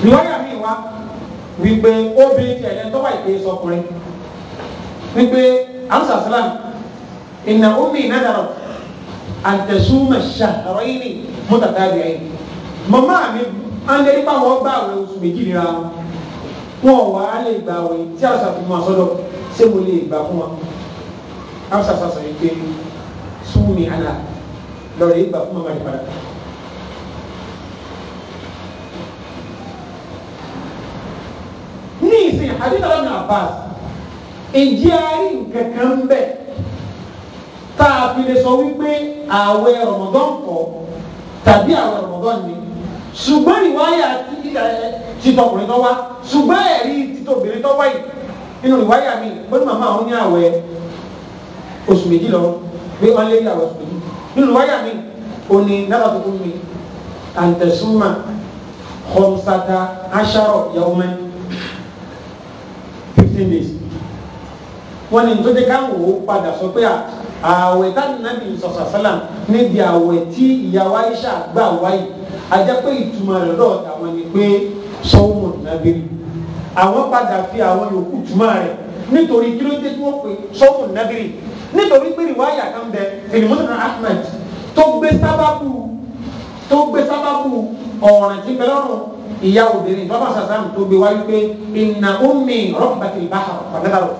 ìwáyà mi wá wípé obìnrin tí ẹ̀yẹ tọ́wà ìpè sọkùnrin wípé ansa salam inna ummi nadarat an tasuma shahrayni mutatabi'ayn màmá mi andẹ́rí bá wọn gbà àwẹ̀ oṣù méjì nira wọn wà á lè gbà àwẹ̀ tí àṣà fi mọ àsọdọ̀ ṣé mo lè gbà fún wa ansa sàṣà yìí pé summi àná lọ́rọ̀ yìí gbà fún mamadi padà. ní ìsìn àdìgbà lọ́nà Abbas ìjẹ́ àárí nǹkan kan bẹ̀ tá a fi lè sọ wípé ààwẹ̀ Ramadan kọ́ tàbí ààwẹ̀ Ramadan ni ṣùgbọ́n ìwáyà títọkùnrin tó wá ṣùgbọ́n ẹ̀rí títọbìnrin tó wáyì nínú ìwáyà mi ó màmá àwọn ní ààwẹ̀ oṣù méjì lọ́wọ́ pé wọ́n lé ìyàwó pé nínú wáyà mi ò ní nábàtò fún mi àǹtẹ̀súnmà khamsata ashara yawman fifteen days wọ́n ní tó dé káwọn ò padà sọ pé à ààwẹ̀ tánàbì sọ̀sà sálàm níbi ààwẹ̀ tí ìyàwó Aisha gbà wáyé ajá pé ìtumọ̀ rẹ̀ lọ́ọ̀ tàwọn ni pé sọ́wọ́mọ̀ nàbẹ́rì àwọn padà fi àwọn yòókù túmọ̀ rẹ̀ nítorí kí ló dé tí wọ́n pè sọ́wọ́mọ̀ nàbẹ́rì nítorí pé ìwáyà kan bẹ fìlìmọ́nà ahmed tó gbé sábàbù tó gbé sábàbù ọ̀ràn tí bẹ lọ́rùn ìyá obìnrin bàbá sàsàm tó gbé wáyé pé ìnà omi rọ́bàtì báhà pàtàkàrọ̀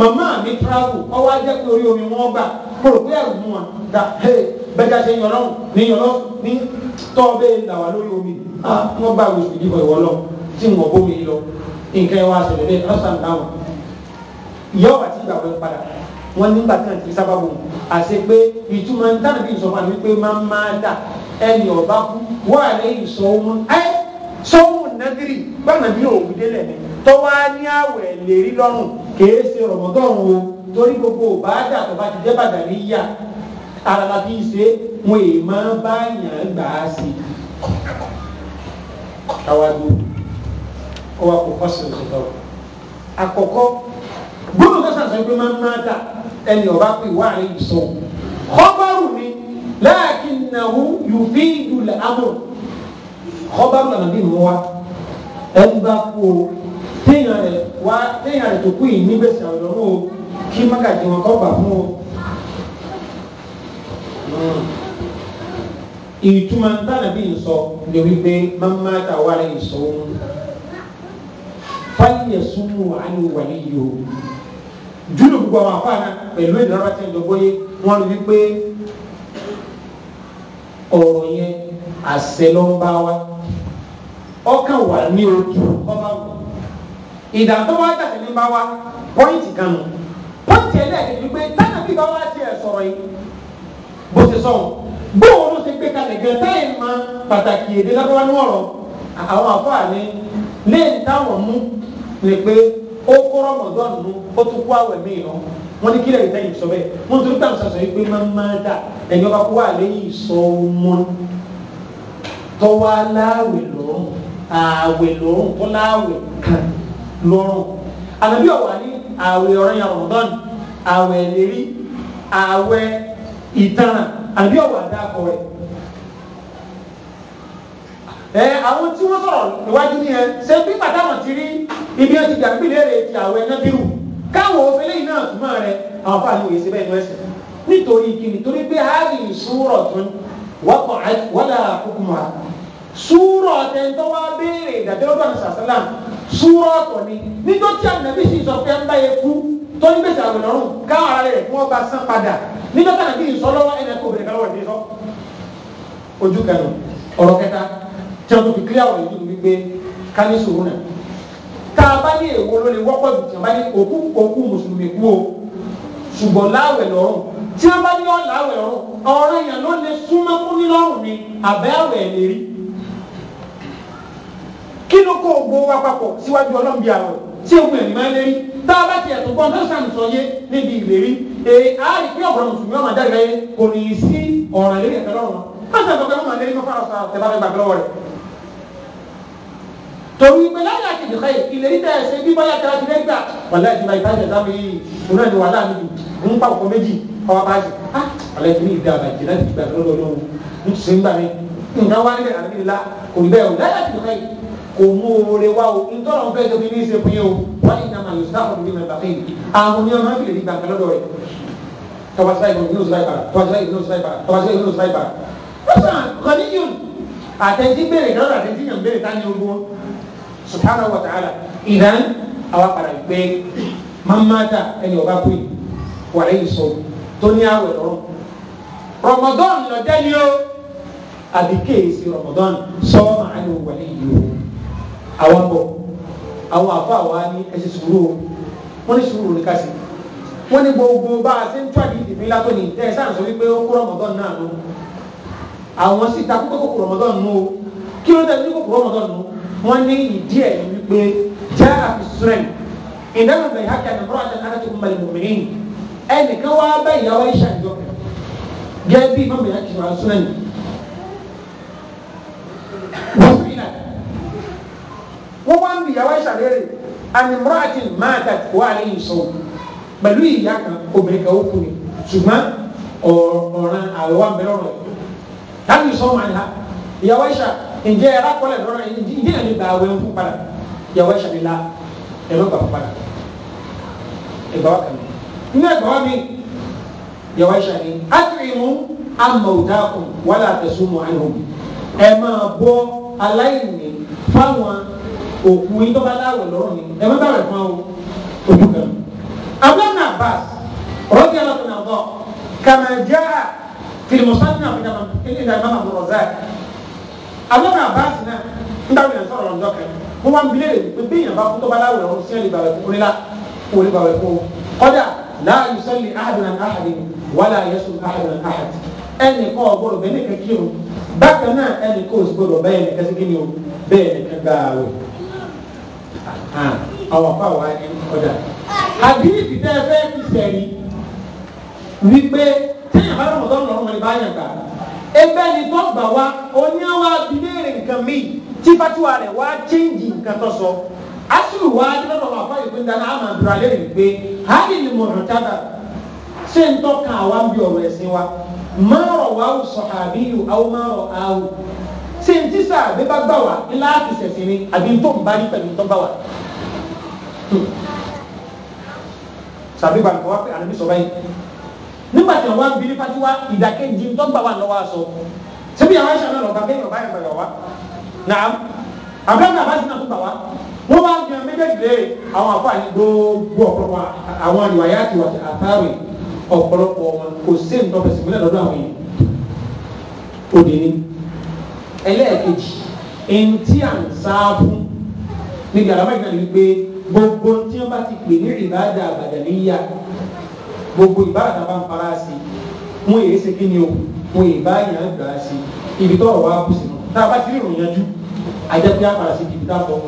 màmá mi tíráàbù ọwọ́ ajẹ́ pé orí omi wọn gbà kúrò pé ẹ̀rù mú wọn dà bẹ́jà ṣe yàn lọ́rùn ní yàn lọ́rùn ní tọ́ bẹ́ẹ̀ là wà lórí omi ah, wọ́n bá wíṣọ ìdíbọ̀ ìwọ lọ tí wọ́n bómi lọ nǹkan ẹ̀ wá ṣẹlẹ̀ bẹ́ẹ̀ ọ̀sán dáhùn ìyá ọ̀bàtì ìgbà padà wọ́n nígbà tí wọ́n ti sábà wò àṣẹ pé ìtumọ̀ nítorí bí ìsọ̀mọ́ àti pé máa ń máa dà ẹni ọba kú wọ́n àlẹ́ ìsọ̀wọ́n ẹ́ sọ́wọ́n nàdírì báwọn bí òwú délẹ̀ tọ́wọ́ á ní àwẹ̀ lérí lọ́rùn kìí ṣe rọ̀mọ́dọ́rùn o torí gbogbo bàdà tó bá ti jẹ́ bàdà ní yà araba kì í ṣe wọn èè máa bá yàn gbà á sí i. káwá gbòòrò ọwọ́ àkọ́kọ́ sí ọ̀sẹ̀ tọ́wọ́ àkọ́kọ́ gbọ́dọ̀ tó sàṣẹ́ pé máa ń máa dà ẹni ọba pè wá àrí ìsọ kọbárù ni láàkínnahu yufidu al-amr kọbárù lànà bí mo wá ẹni bá kú o téèyàn rẹ wá téèyàn rẹ tó kú yìí nígbèsè àwọn ọ̀rọ̀ o kí mákàtí wọn kọ́ gbà fún o ìtumọ̀ ntànà bí nsọ lè wípé mamma ta wàlẹ̀ ìsọ̀ wọn fáyẹ̀ súnmù àánú yìí o júlò gbogbo àwọn àpá náà pẹ̀lú ìdára tí ẹjọ́ bóyé wọ́n rí wípé ọ̀rọ̀ yẹn àṣẹ ló ń bá wa ọkàn wà ní ojú ọba wà ìdàtọ́ wa jáde ní bá wa pọ́ìntì kan nù pọ́ìntì ẹlẹ́ẹ̀kejì wípé tánà bí bá wa ti ẹ̀ sọ̀rọ̀ yìí bó ṣe sọ̀rọ̀ bóun ló ṣe gbé kalẹ̀ gẹ̀ táyì ma pàtàkì èdè lábẹ́wá ní ọ̀rọ̀ àwọn àfáà ní lẹ́yìn táwọn mú ni pé ó kó rọmọdọ́nù nu ó tún kó àwẹ̀ míì lọ wọ́n ní kílẹ̀ ìtẹ́ yìí sọ bẹ́ẹ̀ wọ́n tún tàn sàṣọ yìí pé máa máa dà ẹ̀yìn ọba kó wà lẹ́yìn sọ mọ́ tọ́wọ́ aláwẹ̀ lọ́rùn àwẹ̀ lọ́rùn tó láwẹ̀ kàn lọ́rùn àlàbí ọ̀wà ní àwẹ̀ ọ̀rọ̀ yẹn rọmọdọ́nù àwẹ̀ lérí àwẹ̀ ìtara àlàbí ọ̀wà dákọ̀ rẹ̀ ẹ àwọn tí wọ́n sọ̀rọ̀ níwájú ni ẹ ṣe bí pàtàkùn ti rí ibi ẹ ti gbà pílẹ rẹ ti àwọn ẹná bírù káwọn òfìlẹ yìí náà túmọ̀ rẹ àwọn fáàlì òye síbẹ̀ inú ẹsẹ̀ nítorí kìnnì torí pé hàbì sùúrọ̀ tún wọ́pọ̀ wọ́dà kúkúmọ́ sùúrọ̀ tẹ̀ntọ́ wá béèrè ìdàdúrógbà ní sàṣálà sùúrọ̀ ọ̀tọ̀ ni níjọ́ tí ànàbí sì sọ pé ẹ ń bá yẹ kú tó ní gbèsè àwọn ọ̀run káwọn ara rẹ̀ fún ọba san padà níjọ́ tí ànàbí sọ lọ́wọ́ ẹ̀nà kò bèrè káwọn ọ̀dẹ́ sọ ojú kẹrin ọ̀rọ̀ kẹta tí wọ́n tún fi kílíà wọ̀nyí ni wípé ká ní sùúrù náà tá a bá ní èwo ló lè wọ́pọ̀ jù tí wọ́n bá ní òkú òkú mùsùlùmí kú o ṣùgbọ́n láwẹ̀ lọ́rùn tí wọ́n bá ní ọ̀ láwẹ̀ lọ́rùn ọ̀rọ̀ èèyàn ló lè súnmọ́ fún ní lọ́rùn ni àbẹ́ àwẹ̀ lè rí kí ló kó gbó wa papọ̀ síwájú ọlọ́run bí àwẹ̀ tí ewu ẹ̀mí máa ń lérí tá a bá ti ẹ̀sùn gbọ́n mẹ́sàn-án sọ yé níbi ìlérí èyí á rí pé ọ̀pọ̀ mùsùlùmí ọmọ àjáde láyé kò ní í sí ọ̀ràn lérí ẹ̀fẹ́ lọ́rùn wọn. má sọ̀rọ̀ pé ọmọ àlérí mọ́ fara sọ̀rọ̀ tẹ̀lé torí pé láyé àkejì ká ìlérí tẹ ẹsẹ bí bọ́yá tẹ láti lẹ́gbà wàlá ìtura ìtajà sáà mi mo náà ní wàhálà mi bì ń pa ọkọ méjì ọwọ́ bá jì á wàlá ìtura ìdá àbàjẹ́ láti gbà lọ́dọ̀ lọ́wọ́ ń ṣe ń gbà mí nǹkan wá nílẹ̀ àbí ńlá kò rí bẹ́ẹ̀ o láyé àkejì ká kò mú oore wá o ntọ́nà fẹ́ tó fi ní ìṣe fún yín o wọ́n ní ìnáma yóò sáà fún mi mẹ́ta fún yìí àwọn ní ọmọ ìlẹ̀ ìgbà kan lọ́dọ̀ rẹ̀ tọ́ba sáyé ìbò ìbò sáyé bàrà tọ́ba sáyé ìbò sáyé bàrà tọ́ba sáyé ìbò sáyé bàrà. wọ́n sàn kọ́níyùn àtẹ̀jí béèrè lọ́dọ̀ àtẹ̀jí yàn béèrè subhanahu wa ta'ala ìdán àwa padà gbé mamata ẹni ọba kú yìí wà lẹ́yìn sọ tó ní àwẹ̀ lọ́rùn Ramadan lọ́jọ́ yìí o àbí kéèsì Ramadan sọ́ọ́mà àni òwàlẹ́ yìí o àwọn bọ̀ àwọn àfọ àwa ní ẹsẹ̀ sùúrù o wọ́n ní sùúrù ní kásì wọ́n ní gbogbo bá ṣe ń tíwájú ìdìbò ńlá tó ní ẹ̀ sáà sọ wípé ó kó Ramadan náà lọ àwọn sì ta kókó kókó Ramadan nù o kí ló dé ní kókó Ramadan nù o wọ́n ní ìdí ẹ̀ ní wípé jẹ́ àfisúrẹ́n ìdáhùn bẹ̀rẹ̀ hàkà nàmúrò àtàkàrà tó kúmọ̀ lùmìnín ẹnìkan wá bẹ́ ìyàwó iṣẹ́ àjọkẹ́ gẹ́gẹ́ bí mọ̀mọ́ yà kì í wá súnẹ́ni. wọ́n wá ń bi ìyàwó iṣẹ́ àlẹ́rẹ̀ ànàmúrò àti máàtà wà lẹ́yìn sọ pẹ̀lú ìyá kan obìnrin kan ó kú ni ṣùgbọ́n ọ̀ràn àwẹ̀ wà ń bẹ̀rẹ̀ ọ̀rọ̀ yìí. tábìlì sọ́ọ́ máa ń ha ìyàwó iṣẹ́ ǹjẹ́ ẹ rákọ́lẹ̀ lọ́rọ̀ ǹjẹ́ ẹ lè gba àwẹ̀ fún padà yàwó ṣàlélá ẹ ló gbà fún padà ẹgbà wa kàn mí nínú ẹgbà wa mi yàwó ṣàlé àtìrìmù amọ̀dákùn wàlà àtẹ̀sùnmù àyùn ẹ máa bọ́ aláìní fáwọn òkú yín tó bá láwẹ̀ lọ́rọ̀ ni ẹ má bàwẹ̀ fún àwọn ojú kan. abúlé náà bá rọ́bì alákùnrin àbọ̀ kàmájà fìlìmọ̀sánná àbújá máa abẹ́rẹ́ àbáàsì náà ń dáhùn yẹn sọ̀rọ̀ lọ́jọ́ kan wọ́n wá ń bilé rẹ̀ pé bí èèyàn bá kú tó bá láwùrọ̀ ọ̀hún sí ẹ̀lẹ́gbàwé kó orí la kó orí gbàwé kó kọ́dà láàyè sọ́lì ahadùn ahadùn wàlà yẹsùn ahadùn ahadùn ẹnì kan ọgbọ́dọ̀ bẹ́ẹ̀ nìkan kí o bákan náà ẹnì kan òsìgbọ́dọ̀ bẹ́ẹ̀ nìkan sí kíni o bẹ́ẹ̀ nìkan gbà wẹ̀. àwọn afọ àwọn ayé kọjá àdìsí tẹ́ fẹ́ ti sẹ̀rí wípé téèyàn bá ebe ni tó gbà wá oní wa bìbéèrè nǹkan míì tí fatiwa rẹ̀ wá chéǹjì nǹkan tó sọ asuru wa adúlọ̀ lọ́wọ́ àfáyé pé dáná àmà àdúrà lè rìn hali ni mo rìn tábà ṣé ń tọ́ka àwa ń bí ọ̀rọ̀ ẹ̀sìn wa máa rọ̀ wá o sọ̀hábí yìí àwọn máa rọ̀ àwò ṣé ń tíṣà àbí bá gbà wá ńlá àti ṣẹ̀ṣẹ̀ ni àbí tó ń bá rí pẹ̀lú tó bá wá. Hmm. sàbí gbàgbọ́ wá pé àná nígbà tí wọn bí nípa tí wá ìdákẹ́jì ń tọ́gbà wà lọ́wọ́ aṣọ síbi àwọn aṣọ náà lọ́ka kéèyàn báyìí gbàgbà wá náà abúlé àbá sí náà tó gbà wá wọn bá gbé ọmọ méjèèjì léèrè àwọn àfààní gbogbo ọ̀pọ̀lọpọ̀ àwọn àdìwà yá ti wà sí àtàwé ọ̀pọ̀lọpọ̀ wọn kò sí nǹkan fẹsẹ̀ mílẹ̀ lọ́dọ̀ àwọn yìí obìnrin ẹlẹ́ẹ̀kejì ẹni tí à ń sá fún níbi àlámọ́ ìgbà gbogbo tí wọ́n bá ti pè ní ìbáàdà àbàdàníyà gbogbo ìbáraẹni bá ń fara sí wọn èyí ṣe kí ni o wọn èyí bá yàn gbà á sí ibi tọrọ wa kù sí náà tá a bá ti rí ìròyìn yanjú àjẹpẹ́ àpàrà sí ibi tá a bọ̀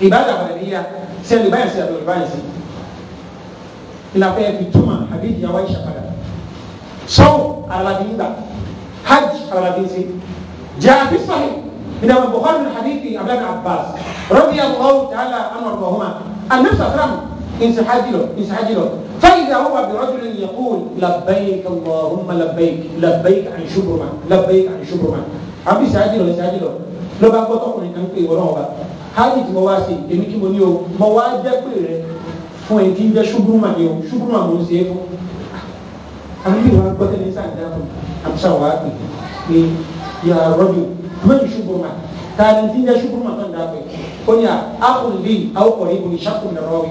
ìbáraẹni àpàrà níyà sí ẹni báyìí sí àbí ọ̀rẹ́ báyìí sí ìlàfẹ́ ẹ̀fì túmọ̀ àbí ìyàwó ìṣàpadà sọ́wọ́ alábí ń gbà hajj alábí ń ṣe jẹ́ àbí sọ́hìn من البخاري من حديث عبد الله بن عباس رضي الله تعالى عنه وارضاهما النبي صلى كنس حاجي له كنس حاجي له فإذا هو برجل يقول لبيك اللهم لبيك لبيك عن شبرمة لبيك عن شبرمة àbí ìṣáájú lọ ìṣáájú lọ ló bá gbọ́ tọkùnrin kan pé ìwọ́n ọba hajj tí mo wá sí èmi kí mo ní o mo wá jẹ́ pé rẹ fún ẹni tí ń jẹ́ ṣubúrúmà ni o ṣubúrúmà mo ń ṣe é fún. àwọn ìlú wa gbọ́ tẹ́lẹ̀ sáà dáhùn àbúṣà wà á pè pé yà á rọ́bì lóyún ṣubúrúmà ta ni tí ń jẹ́ ṣubúrúmà tó ń dà pé ó ní à ákùnrin àwọn ọ̀rẹ́ ìbùn ìṣàkùnrin rọ́bì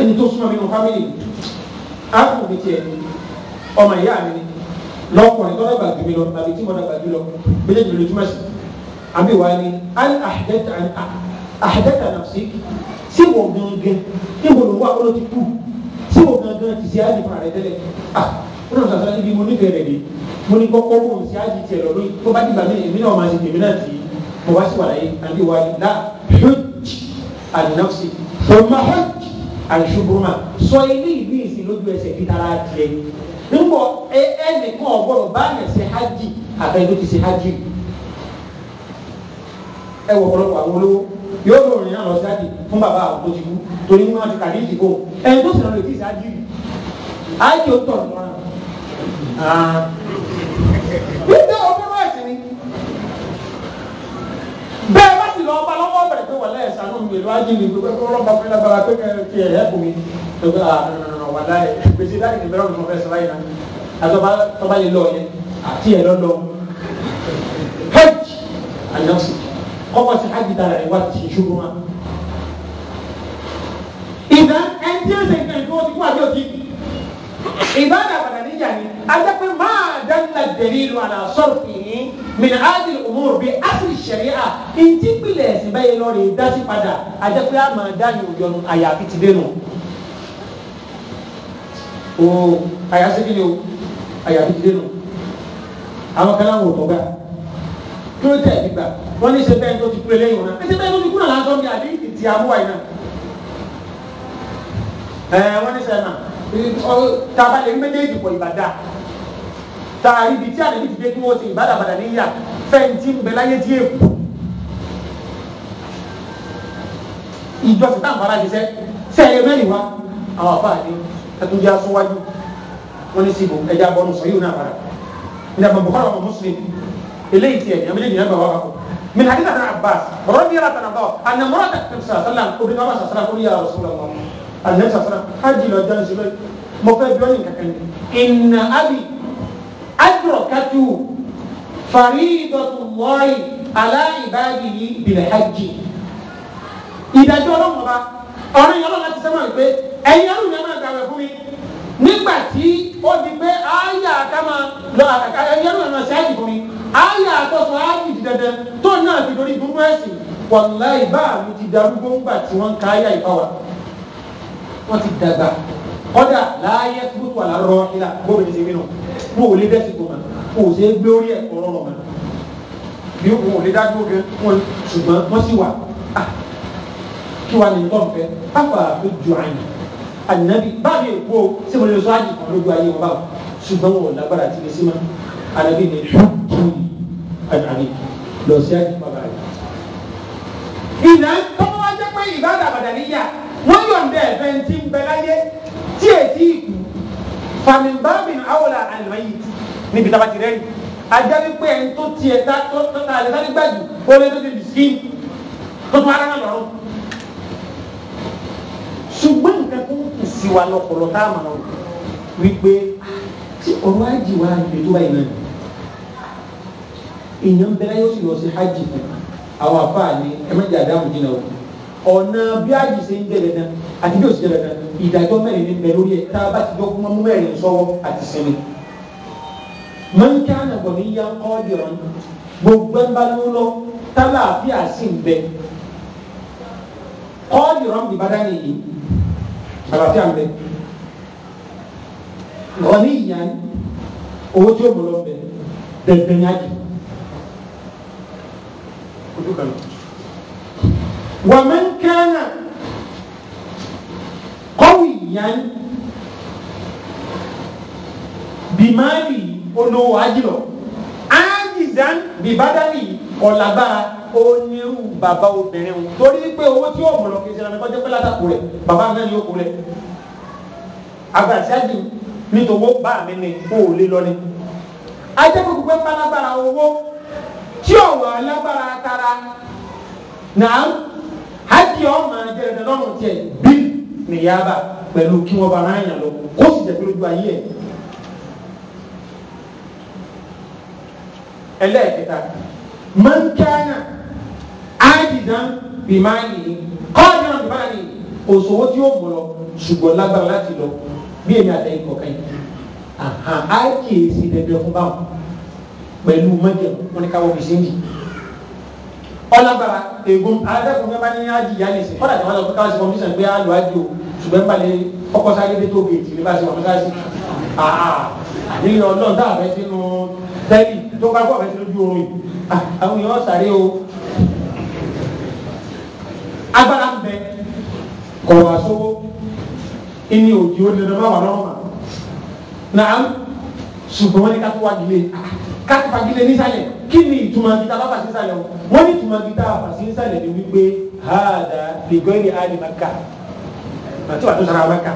ẹni tó súnmọ́ mi nù fámìlì ápù mi tiẹ̀ ọmọ ìyá mi ni lọ́kùnrin tó dàgbà lọ àbí tí mo dàgbà jù lọ méjèèjì ló túmọ̀ sí àbí wàá ní àhàdẹ́tà nàfṣí sí wọ gangan níbo ló wà ó ti kú sí wọ gangan ti ṣe àjì fún àrẹ tẹ́lẹ̀ ah ó lọ sàtọ́ níbi mo nífẹ̀ẹ́ rẹ̀ dé mo ní kọ́kọ́ kó ṣe àjì tiẹ̀ lọ lóyún tó bá dìgbà mí èmi náà máa ṣe tèmi náà tì í mo wá sí wàlàyé àbí wàá ní lá hujj hujj àṣùbùmá sọ ilé ìlú ìsìn lójú ẹsẹ̀ fitara tiẹ̀ nígbà ẹnìkan ọ̀gbọ́dọ̀ bá yẹn ṣe hajj àfẹnudó ti ṣe hajj ẹ wọ ọ̀pọ̀lọpọ̀ àwọn olówó yóò lò rìn náà lọ sí hajj fún bàbá àwọn tó ti kú torí wọn ti kàdé ìdìbò ẹni tó sì lọ lè ti ṣe hajj hajj ó tọ̀ lọ́wọ́ gbígbé ọdún náà sí ni bẹ́ẹ̀ bá lọ bá lọ́wọ́ bẹ̀rẹ̀ pé wàlẹ́ ìsànú mi ìlú ajé mi pé ọlọ́ba fún lágbára pé kí ẹ̀ ẹ̀kú mi pẹ̀lú àrùn wàlá ẹ̀ gbèsè láì ní bẹ́rẹ̀ ọ̀dùnmọ̀ fẹ́ sọ báyìí náà àtọ́ba tọ́ba yìí lọ yẹn àti ẹ̀ lọ́dọ̀ hajj àyànṣe kọ́kọ́ sí hajj dára ẹ̀ wá ti ṣe ṣubú ma. ìdá ẹ̀ ń tí ó ṣe nǹkan ìfowópamọ́ ìbára àbàdàníyà ni ajẹ́ pé máa dánilá dẹ̀lílu àlà sọ́ọ̀fìhì mìíràn ádìrì òmùrù bíi ásìrì ṣẹ̀ríà ìdí pìlẹ̀ ẹ̀sìn báyìí lọ́ọ̀rì dásí padà ajẹ́ pé a máa dání òyọnu àyàfi ti dénú. o àyàfi kí ni o àyàfi ti dénú àwọn kan láwọn ò tọ́gbà kí ló tẹ̀ gbígbà wọ́n ní ṣe bẹ́ẹ̀ tó ti kúrẹ́ lẹ́yìn wọn ṣe bẹ́ẹ̀ tó ti kúrẹ́ lásán bí àdéhìí ti àmúwáyé náà ẹ̀ wọ́n ní sẹ́ẹ̀ náà tabalẹ̀ ní méjèèjì pọ̀ ìbàdà tààrí ibi tí àlejò ti dé kí wọ́n ṣe ìbàdà padà níyà fẹ́ǹtì ń bẹ láyé tí èkó ìjọsìn táwọn bàbá ṣiṣẹ́ sẹ́yìn mẹ́rin wá àwọn afáàní ẹtùjẹ́ aṣọ́wájú wọ́n ní síbò ẹja bọ́ọ̀nù sọ yóò náà padà ní àbọ̀ bọ̀kọ́rọ̀ ọmọ mùsùlùmí eléyìí tiẹ̀ ní àbílẹ̀ ìyẹn bàbá kọ̀ من حديث ابن عباس رضي الله عنه ان امراه النبي صلى الله عليه وسلم قبل ما صلى الله عليه وسلم alẹ́sà sọ́nà hajj lọ jẹun síbẹ̀ mo fẹ́ bí wọ́n ní kankan ní. ìnà abi adrọ̀kátù faridọ̀tùmọ́ì aláìbáàgì yìí bìlẹ̀ hajj. ìdájọ́ ọlọ́run ọba ọ̀rẹ́ yẹn ọlọ́run láti sẹ́wọ̀n pé ẹ̀yin ọ̀rùn yẹn máa gbàgbẹ́ fún mi nígbà tí ó di pé àyà àkàmà lọ àkàkà ẹ̀yin ọ̀rùn yẹn máa ṣe àjì fún mi àyà àtọ̀sọ̀ àjì dídẹ́dẹ́ tó náà fi dorí gbogbo ẹ̀sìn wàláì báà mi ti darúgbó ńgbà tí wọ́n ń ka àyà ìfáwà wọ́n ti dàgbà kọ́dà láàyè gbogbo àlárọ̀ ìlà gbọ́dọ̀ ṣe nínú wọn ò lè dẹ́sí tó ma wọn ò ṣe é gbé orí ẹ̀ ọ̀rọ̀ rọ̀ ma ni wọn ò lè dájú oge wọn ṣùgbọ́n wọ́n sì wà kí wàá ní nǹkan fẹ́ pápá tó ju àyìn ànábì báàbí èkó sí mo lè sọ àjì kan lójú ayé wọn báwọn ṣùgbọ́n wọn ò lágbára ti lè sí ma ànábì ní ṣùgbọ́n ànábì lọ sí àjì pàbàrà ìdá tọ́wọ́ wá jẹ́ pé ìbádà wọ́n yọ̀ǹda ẹ̀fẹ́ ntí ń bẹ láyé tí èsì ìkù fàmìbáàmì àwòlà àlùmáyé níbi tá a bá ti rẹ́rì ajá wípé ẹni tó tiẹ̀ tá tó tó ta àlẹ́ sáré gbàdú olè tó ti bìsíkì tó tún ara náà lọ́rùn. ṣùgbọ́n nǹkan tó ń kù sí wa lọ́pọ̀lọ́ tá a mọ̀ ọ́ wípé ah, tí ọ̀rọ̀ ajì wa lè tó báyìí náà èèyàn bẹ́ẹ̀ yóò sì lọ sí hajj fún àwọn àfáà ní ẹ má jẹ́ àdáhùn jìnnà o ọ̀nà bí àjì ṣe ń jẹ dandan àti bí òṣìṣẹ́ dandan ìdájọ́ mẹ́rin ní bẹ̀rù yẹ tá a bá ti dọ́kú mọ́ mẹ́rin sọ́wọ́ àti sinmi. mọ́ńkà nàgbọ̀ ní yá ń kọ́ dìrọ̀ ní gbogbo ẹ̀ ń bá ló lọ tálà àbí àṣì ń bẹ. kọ́ dìrọ̀ ní ìbádá ni èyí àlàáfíà ń bẹ. ọ̀ ní ìyá owó tí ó mú lọ bẹ dẹ̀gbẹ̀yìn àjì. ojú kan ومن كان قويا بمالي olówó ajílọ ágìdán bìbádàlì ọ̀làbára onírú bàbá obìnrin wọn torí pé owó tí yóò mọ̀lọ́ kejì lànà kọjá pé látàkù rẹ̀ bàbá náà yóò kú rẹ̀ agbàṣájú nítorí bá mi ni o ò lè lọ ni ajẹ́kùkù pálábàrà owó tí ọ̀wọ́ alábàrà tara náà hadi ọmọ ẹgbẹrẹ lọrùn tẹ bí nìyaba pẹ̀lú kí wọn bá rán yàn lọ kó sì jẹ pé ojú ayé ẹ. ẹlẹ́ẹ̀kẹta mọ̀nkánà áàdìdán bìmáàlì kọ́ọ̀dìrán bìmáàlì òṣòwò tí ó mọ̀ lọ ṣùgbọ́n lágbára láti lọ bí èmi àtẹ̀yìn kọ̀ọ̀kan yìí àhàn áàkì èsì dẹ̀dẹ̀ fún báwọn pẹ̀lú mọ́jẹ̀ wọn ni káwọn fi ṣe ń yìí ọlọ́gbàrá ègún alẹ́kùn fẹ́ bá ní ájì ìyá nìsín kọ́dà tí wọ́n lọ fún káwọ́sì kọ́míṣàn gbé àlọ́ ájì o ṣùgbọ́n ń balẹ̀ ọkọ̀ sáré dé tó gèèjì ní báṣẹ wọn sáà sí. ilé ọlọ́run tá a fẹ́ sínú tẹ́lì tó bá kọ́ fẹ́ sínú ojú oorun yìí àwọn èèyàn sáré o. agbára ń bẹ kọ̀ wá sówó ìní òjì ó dandan má wà lọ́wọ́ náà ṣùgbọ́n wọn ní ká tó wá gilé ká tó wá gilé nísàlẹ̀ kí ni ìtumọ̀ gita bá fàṣí sálẹ̀ o wọ́n ní ìtumọ̀ gita fàṣí sálẹ̀ ni wípé hàdà lìgọ́ ìrì àdì maka àti wàtò sara maka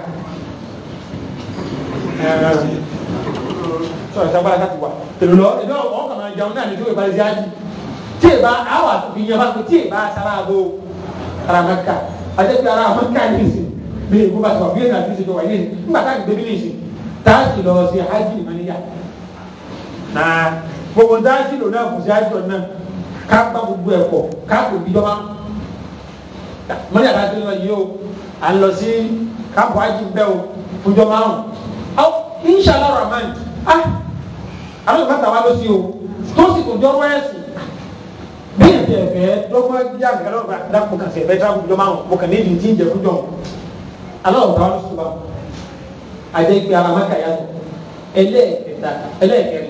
sọ̀rọ̀ sábà láti wà tèmi lọ ẹ̀dọ́ ọ̀hún kàmá jẹun náà ní tó ìbá ẹ̀sì ájì tí ìbá àwọn àtòkì yẹn bá pé tí ìbá sara àbò ara maka àti ẹ̀kú ara maka ní ìsìn bí ìbú bá sọ bí ẹ̀sìn àti ìsìn tó wà ní ìsìn nígbà táà kì gbogbo ń dáhùn sílò náà kò sí àjọ náà ká gbá gbogbo ẹ̀ pọ̀ ká kò bí dọ́mà mọ́lẹ́ àti àti lọ yìí o à ń lọ sí káàpọ̀ àjì bẹ́ o fúnjọ́ márùn-ún àwọn inṣàlá rahman ah àwọn ìfọ̀tà wa ló sí o tó sì kò jọ́rọ́ ẹ̀sìn bí ẹ̀jẹ̀ ẹ̀fẹ́ dọ́gbọ́n yá gẹ́rọ́ dàpọ̀ kàṣẹ̀ ẹ̀fẹ́ tá fúnjọ́ márùn-ún mo kàn ní ìdí tí ń jẹ fúnjọ́ aláwọ̀ ká wọn ló sùn wa àjẹ́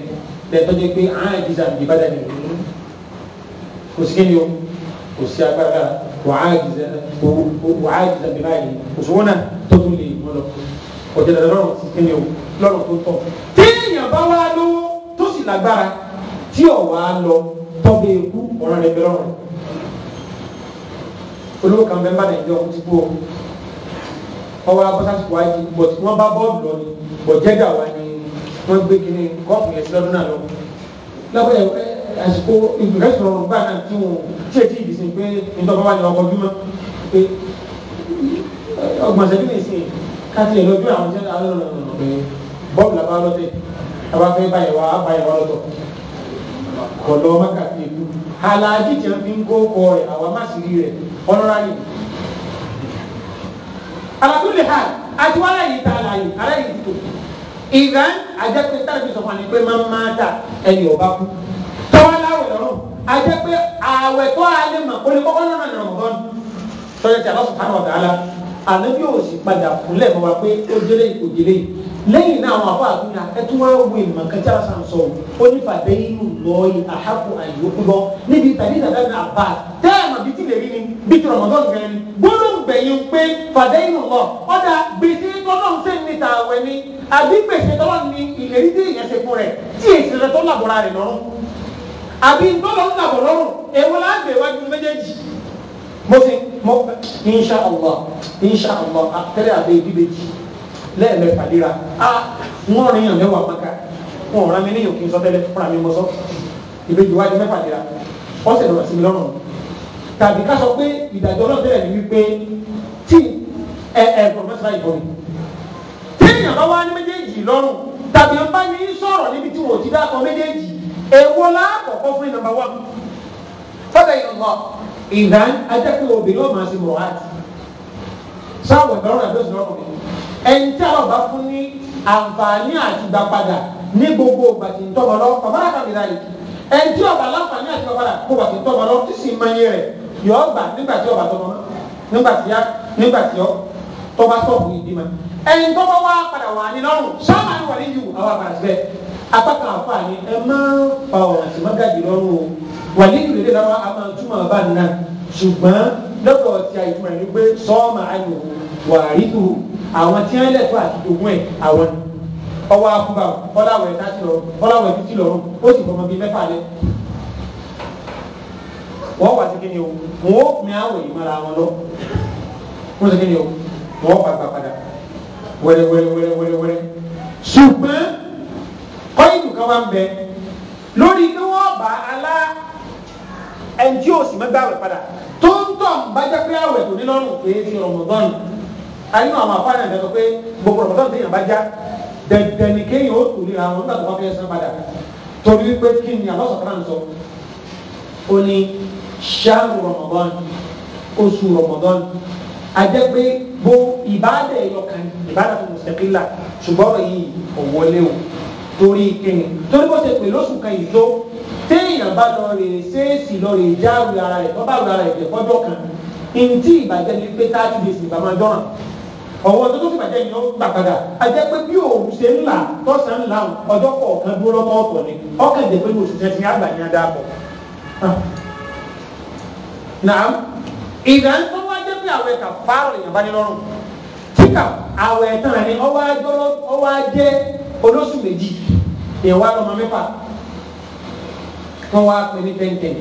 bẹ́ẹ̀ tọ́jú pé àájìzà ìbádà ni kò sí kíni o kò sí agbára wà àájìzà bí báyìí kò sí wọ́nà tó tún lè mọ́ lọ kò jẹ́ dandan lọ́rùn kíni o lọ́rùn tó tọ̀. téèyàn bá wá lówó tó sì lágbára tí ò wá lọ tọ́gbé ikú ọ̀ràn rẹ̀ bẹ̀rẹ̀ ọ̀ràn olówó kan bẹ́ẹ̀ bá nàìjíríà ọ̀hún ti kú o ọwọ́ abọ́sásùkú wáyé bọ̀t ni wọ́n gbé kínní kọ́ọ̀pù yẹn sí lọ́dún náà lọ. lọ́pọ̀ ẹ̀ àsìkò ìgbésùn ọ̀rùn gbà náà tí wọn tí èyí ìdí sí pé ìjọba wà ní ọkọ̀ ojúmọ́ pé ọgbọ̀nsẹ̀ kínní sí káàtì ẹ̀ lọ́jọ́ àwọn tẹ́lẹ̀ alẹ́ lọ́nà pé bọ́ọ̀lù làbá lọ́tẹ̀ àbá fẹ́ báyẹ̀ wá báyẹ̀ wá lọ́tọ̀ kọ̀lọ́ mákàtí ìlú aláàjì tí wọ́n fi ń kó kọ rẹ̀ àwọn máṣírí ìgbà àjẹpẹ tàbí sọfún àná pé máa máa dà ẹni ọba kú tọ́wọ́ láwẹ̀ lọ́rùn àjẹpẹ àwẹ̀ tó alẹ́ mọ̀ olùkọ́kọ́ lọ́nà ìrànwọ́ tọ́jà tí a bá sùn kánú ọ̀gá la ànábì ò sì padà kúnlẹ̀ mọ́ wa pé ó délé kò délé lẹ́yìn náà àwọn àbọ̀ àbúyá ẹtú wá wo ìmọ̀ kẹjá sàn sọ ó ní fàdé inú lọ́ọ̀yì àhàkù àyòkù lọ níbi tàbí dàda náà bá a tẹ́ẹ̀mà bíi ti rí ni bíi ti rọmọdọ́n gan ni gbọ́dọ̀ gbẹ̀yìn pé fàdé inú lọ ọ̀dà gbèsè tọ́lọ́ ṣe ní tààwẹ̀ ni àbí gbèsè tọ́lọ́ ni ìlérí tí èèyàn ṣe fún rẹ̀ tí èsì rẹ̀ tó làbọ̀ mo mo insha allah insha allah àtẹ́lẹ̀ àbẹ́ ìdíbejì lẹ́ẹ̀mẹ́fà léra a wọ́n rìn yàn mẹ́wàá maka wọn ràn mí níyàn kí n sọ tẹ́lẹ̀ fúnra mi mọ́ sọ ìbejì wájú mẹ́fà léra wọ́n sì lọ́rọ̀ sí mi lọ́rùn tàbí ká sọ pé ìdájọ́ náà tẹ́lẹ̀ ní wípé tí ẹ ẹ pọfẹsà ìbọn mi téèyàn bá wá ní méjèèjì lọ́rùn tàbí ń bá yín sọ̀rọ̀ níbi tí wọ́n ti dákọ̀ méjèèjì èwo láàkọ̀kọ́ fún ìnàmbá wa fọ́dà ìrànlọ́ ìdá ajẹ́pẹ́ obìnrin ọ̀ma ṣe mọ̀ àti sáwọ̀ ìdánwò àbẹ́sùn ọkùnrin ẹni tí àwọn ọba fún ní àǹfààní àti gbà padà ní gbogbo ìgbà tí ń tọ́ ọmọdọ́ ọba náà kàmì náà ẹni tí ọba láǹfààní àti gbà padà kó wà tí ń tọ́ tí sì máa yẹ rẹ̀ yọ ọgbà nígbà tí ọba tọmọ nígbà ya nígbà tí ọ tọba sọ̀bù ìdí ma ẹni tó bá wá padà wà ní lọ́rùn sáwọn àni wà ní yù àwọn àbàrà síbẹ̀ wàlí ìlú lè lọ́wọ́ a máa túmọ̀ bá nínú ṣùgbọ́n lọ́dọ̀ ti àìtumọ̀ ẹni pé sọ́ọ̀mà àyò wàrídù àwọn tí wọ́n lẹ́tọ́ àti dogun ẹ̀ àwọn ọwọ́ akúbà ọláwẹ̀ tàti lọ ọláwẹ̀ títí lọ ó sì fọmọ bíi mẹ́fà lẹ. wọ́n wà sí kí ni o wọ́n ó pin àwẹ̀ ìmọ̀ra wọn lọ wọ́n sì ni o wọ́n ó pàgbà padà wẹ́rẹ́wẹ́rẹ́wẹ́rẹ́wẹ́rẹ́ ṣùgbọ́n kọ́yìn kan wá ń bẹ lórí kí wọ́n bá alá ẹnjí òsì mẹ́gbà wẹ̀ padà tó ń tọ̀ ń bá jẹ́ pé àwẹ̀ tó ní lọ́rùn pé ti Ramadan ayé àwọn afáàní àti ẹ̀sọ́ pé gbogbo Ramadan ti yàn bá já dẹ̀dẹ̀ ní kéèyàn ó tò níra wọn nígbà tó bá fẹ́ san padà torí pé kí ni àlọ́ sọ̀tàn náà sọ ó ní ṣáàrù Ramadan oṣù Ramadan ajẹ́ pé bó ìbádẹ̀ ẹ̀yọkàn ìbádẹ̀ mustaqilla ṣùgbọ́n ọ̀rọ̀ yìí kò wọlé o torí kéèyàn torí bó ṣe pè lóṣù kan yìí tó téèyàn bá lọ rè ṣéèṣì lọ rè já wura rẹ̀ tó bá wura rẹ̀ jẹ́ fọ́jọ́ kan ntí ìbàjẹ́ ni pé táàtì lè sì bàmá dọ́ràn ọwọ́ tó tó sì bàjẹ́ ni ó gbà padà a jẹ́ pé bí òun ṣe ńlá tọ́sán ńlá ọjọ́ kọ̀ọ̀kan dúró lọ́tọ̀ọ̀tọ̀ ni ọkàn jẹ́ pé oṣù tẹ́tí àgbà ni a dá pọ̀. Ah. nàám ìdá ń tó wá jẹ́ pé àwẹ̀ kà fárọ̀ lèèyàn bá ní lọ́rùn kíkà àwẹ̀ tán ni ọwọ́ ajẹ́ olóṣù méjì ìwà lọ́mọ mẹ́fà wọ́n wá pè ní tẹ́ntẹ́n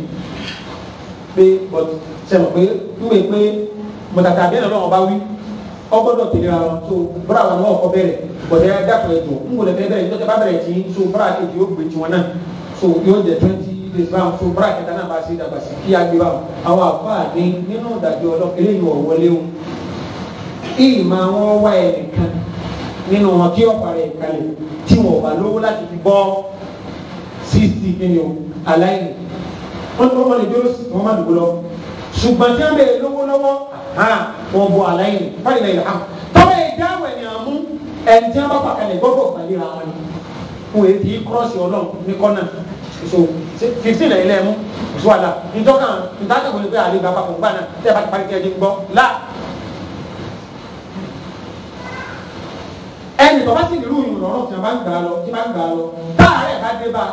pé but sẹ́wọ̀n pé túwèé pé mọ̀tàtà àbẹ́rẹ́ náà ọba wí ọgbọ́dọ̀ tẹ̀lé ara wọn so bọ́dà wọn náà kọ́ bẹ̀rẹ̀ bọ̀dẹ̀ dàpọ̀ ẹ̀jọ̀ ń wọlé fẹ́ bẹ̀rẹ̀ ìjọ́tẹ̀ bá bẹ̀rẹ̀ tí so bọ́dà kejì yóò gbé tiwọn náà so yóò jẹ twenty days báwọn so bọ́dà kẹta náà bá ṣe dàgbà sí kí agbé báwọn àwọn àfáà ní nínú ìdájọ́ ọlọ́ eléyìí wọ̀ wọlé o ìmọ̀ wọn wá ẹnìkan nínú wọn kí ọ̀pá rẹ̀ kalẹ̀ tí wọn bá lówó láti fi bọ́ sixty kí ni aláìní wọn tó wọn lè dúró sí wọn má dùgbò lọ ṣùgbọ́n tí wọn bẹ lówó lọ́wọ́ wọn bọ aláìní fáyìn náà ìlànà tọ́wọ́ yẹn dá àwọn ènìyàn mú ẹni tí wọn bá pàkàlẹ̀ gbọ́dọ̀ gbàlera wọn ni wọn èyí ti kírọ́ọ̀sì ọlọ́run ní kọ́nà so fifteen ẹ̀yin lẹ́ẹ̀mú oṣù àlà ntọ́kàn ntàkàn kò ní pé àlè bàbá kòǹgbà náà tẹ́ ẹ bá ti parí kẹ́ẹ̀dín gbọ́ là. ẹnì tó bá sì nílùú ìrùn lọ́rùn tí wọ́n bá ń gbà lọ tí wọ́n bá ń gbà lọ táàárẹ̀ bá dé bá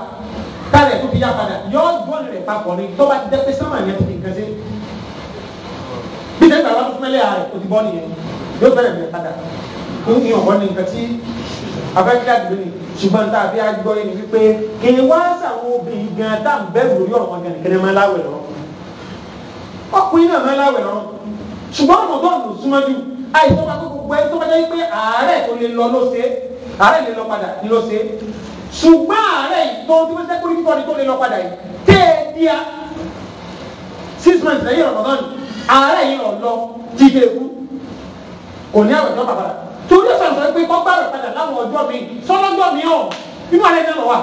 tálẹ̀ tó fi yá padà yọ bọ́ọ̀lù rẹ̀ papọ̀ ni tó bá ti jẹ́ pé sọ́mà yẹn ti fi nǹkan ṣe bí tẹ́lẹ̀ bàbá fún mẹ́lẹ́ ààrẹ kò ti bọ́ nìyẹn yóò bẹ̀rẹ̀ bẹ̀rẹ̀ padà kó ní ọ̀wọ́ ni nǹkan tí abẹ́kíyà dùn ní ṣùgbọ́n tá a fi àgbọ̀ yẹn ni wípé kì í wá sàwọn obìnrin gan tá à ń bẹ̀rù lórí ọ̀rọ̀ wọn gan kẹ́lẹ́ máa láwẹ̀ lọ ọkùnrin náà máa láwẹ̀ lọ ṣùgbọ́n ọ̀nà tó ọ̀nà súnmọ́jú àìsàn wa gbogbo ẹ tó bá jẹ́ pé àárẹ̀ tó lè lọ ló ṣe àárẹ̀ lè lọ padà ló ṣe ṣùgbọ́n ààrẹ ìgbọ́n tí wọ́n tẹ́kọ̀ọ́ nípa ọdún tó lè lọ padà yìí tẹ́ ẹ díá six months lẹ́yìn Ramadan ààrẹ yìí lọ lọ jíde ewu kò ní àwọn ìjọba padà torí ó sọ̀rọ̀ pé kọ́ gbàrọ̀ padà láwọn ọjọ́ mi sọ́lọ́jọ́ mi ọ̀ inú àlẹ́ náà wà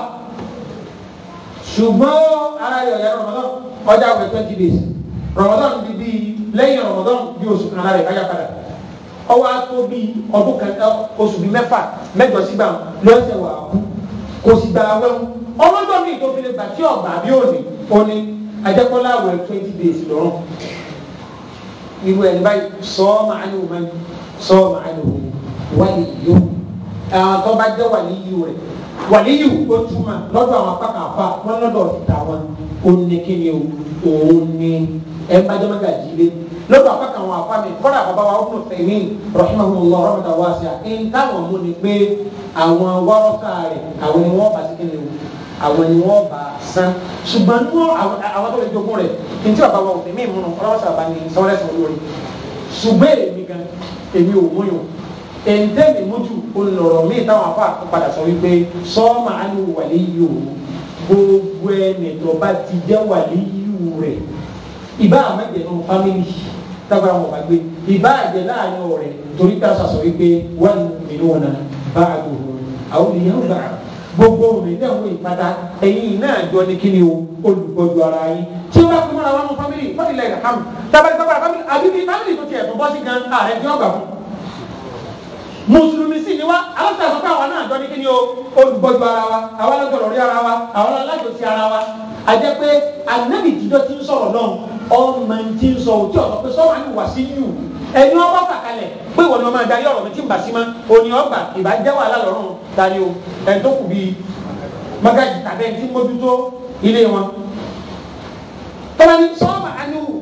ṣùgbọ́n ara rẹ̀ ọ̀yà Ramadan ọjà wẹ̀ twenty days Ramadan di bíi lẹ́yìn Ramadan bí oṣù kan ara rẹ̀ bá yá padà ọwọ́ á tó bíi ọdún kan oṣù bíi mẹ́fà mẹ́jọ sígbà lọ́sẹ̀ wà á kú kò sì gbà wẹ́wù ọlọ́jọ́ mi tó fi lè gbà tí ọ̀gbà bí òní òní ajẹ́kọ́lá àwẹ̀ twenty days lọ́rùn irú ẹni báyìí sọ́ọ́ màá ní òun sọ́ọ́ màá ní òun wáyé yóò àwọn tó bá jẹ́ wàlíyù rẹ̀ wàlíyù ó túmọ̀ lọ́dọ̀ àwọn apákàfà wọn lọ́dọ̀ tàwọn ó ní kíni o òun ní ẹ bá jẹ́ mọ́gàjì lé ló bá apá kan àwọn apá mi kọ́ra àbábá wa ọkùnrin fẹ̀mí rahimahumullah rahmatan wasi'a ẹni táwọn mú ni pé àwọn wárọ́sà rẹ̀ àwọn ni wọ́n bá sí kíni o àwọn ni wọ́n bá san ṣùgbọ́n ní àwọn tó lè jogún rẹ̀ kí n tí bàbá wa ọ̀fẹ̀mí ìmúnu ọlọ́wọ́sà bá ní sanwó-ẹ̀sán olórí ṣùgbọ́n èmi gan èmi ò múyàn ẹ̀ǹtẹ́mi mójú olùrọ̀ míì táwọn afọ àpapàdà sọ wípé o gbogbo ẹnì tó bá ti jẹ́ wàlẹ́ yìí rẹ̀ ìbá àmọ́jẹ̀ nù fámìlì tágbára wọn bá gbé ìbáàjẹ́ láàrin ọ̀rẹ́ torí pé aṣọ àṣọyí pé wọ́n ní mìíràn náà bá a gbòòrò àwọn ènìyàn gbà gbogbo òmìn náà wọ ìpàdà ẹ̀yìn náà jọ ní kíni o olùgbọ́jú ara yín tí wọ́n bá kú mọ́ra wọn mọ́ fámìlì fọ́nìlẹ̀ ìhàmù tàbí tábàrà fámìlì àbí bí fámìlì tó tiẹ̀ tó bọ́ sí gan ààrẹ tí wọ́n gbà fún mùsùlùmí sì ni wá aláta sọ pé àwọn náà jọ ní kí ni o olùgbọ́jọ ara wa àwọn alájọrọ̀ rí ara wa àwọn alájọsí ara wa àjẹ pé anábì jíjọ ti ń sọ̀rọ̀ náà ọmọ ti ń sọ òtí ọ̀sọ̀ pé sọ́wọ́n á ní wàásí yù ẹni ọba kàkalẹ̀ pé ìwọ ni wọn máa darí ọ̀rọ̀ mi tí ń bà sí ma òní ọgbà ìbá wàhálà lọ́rùn tani o ẹ̀ tó kù bíi magaji tàbí ẹni tí mójútó ilé wọn. tọ́lá ní sọ́wọ́n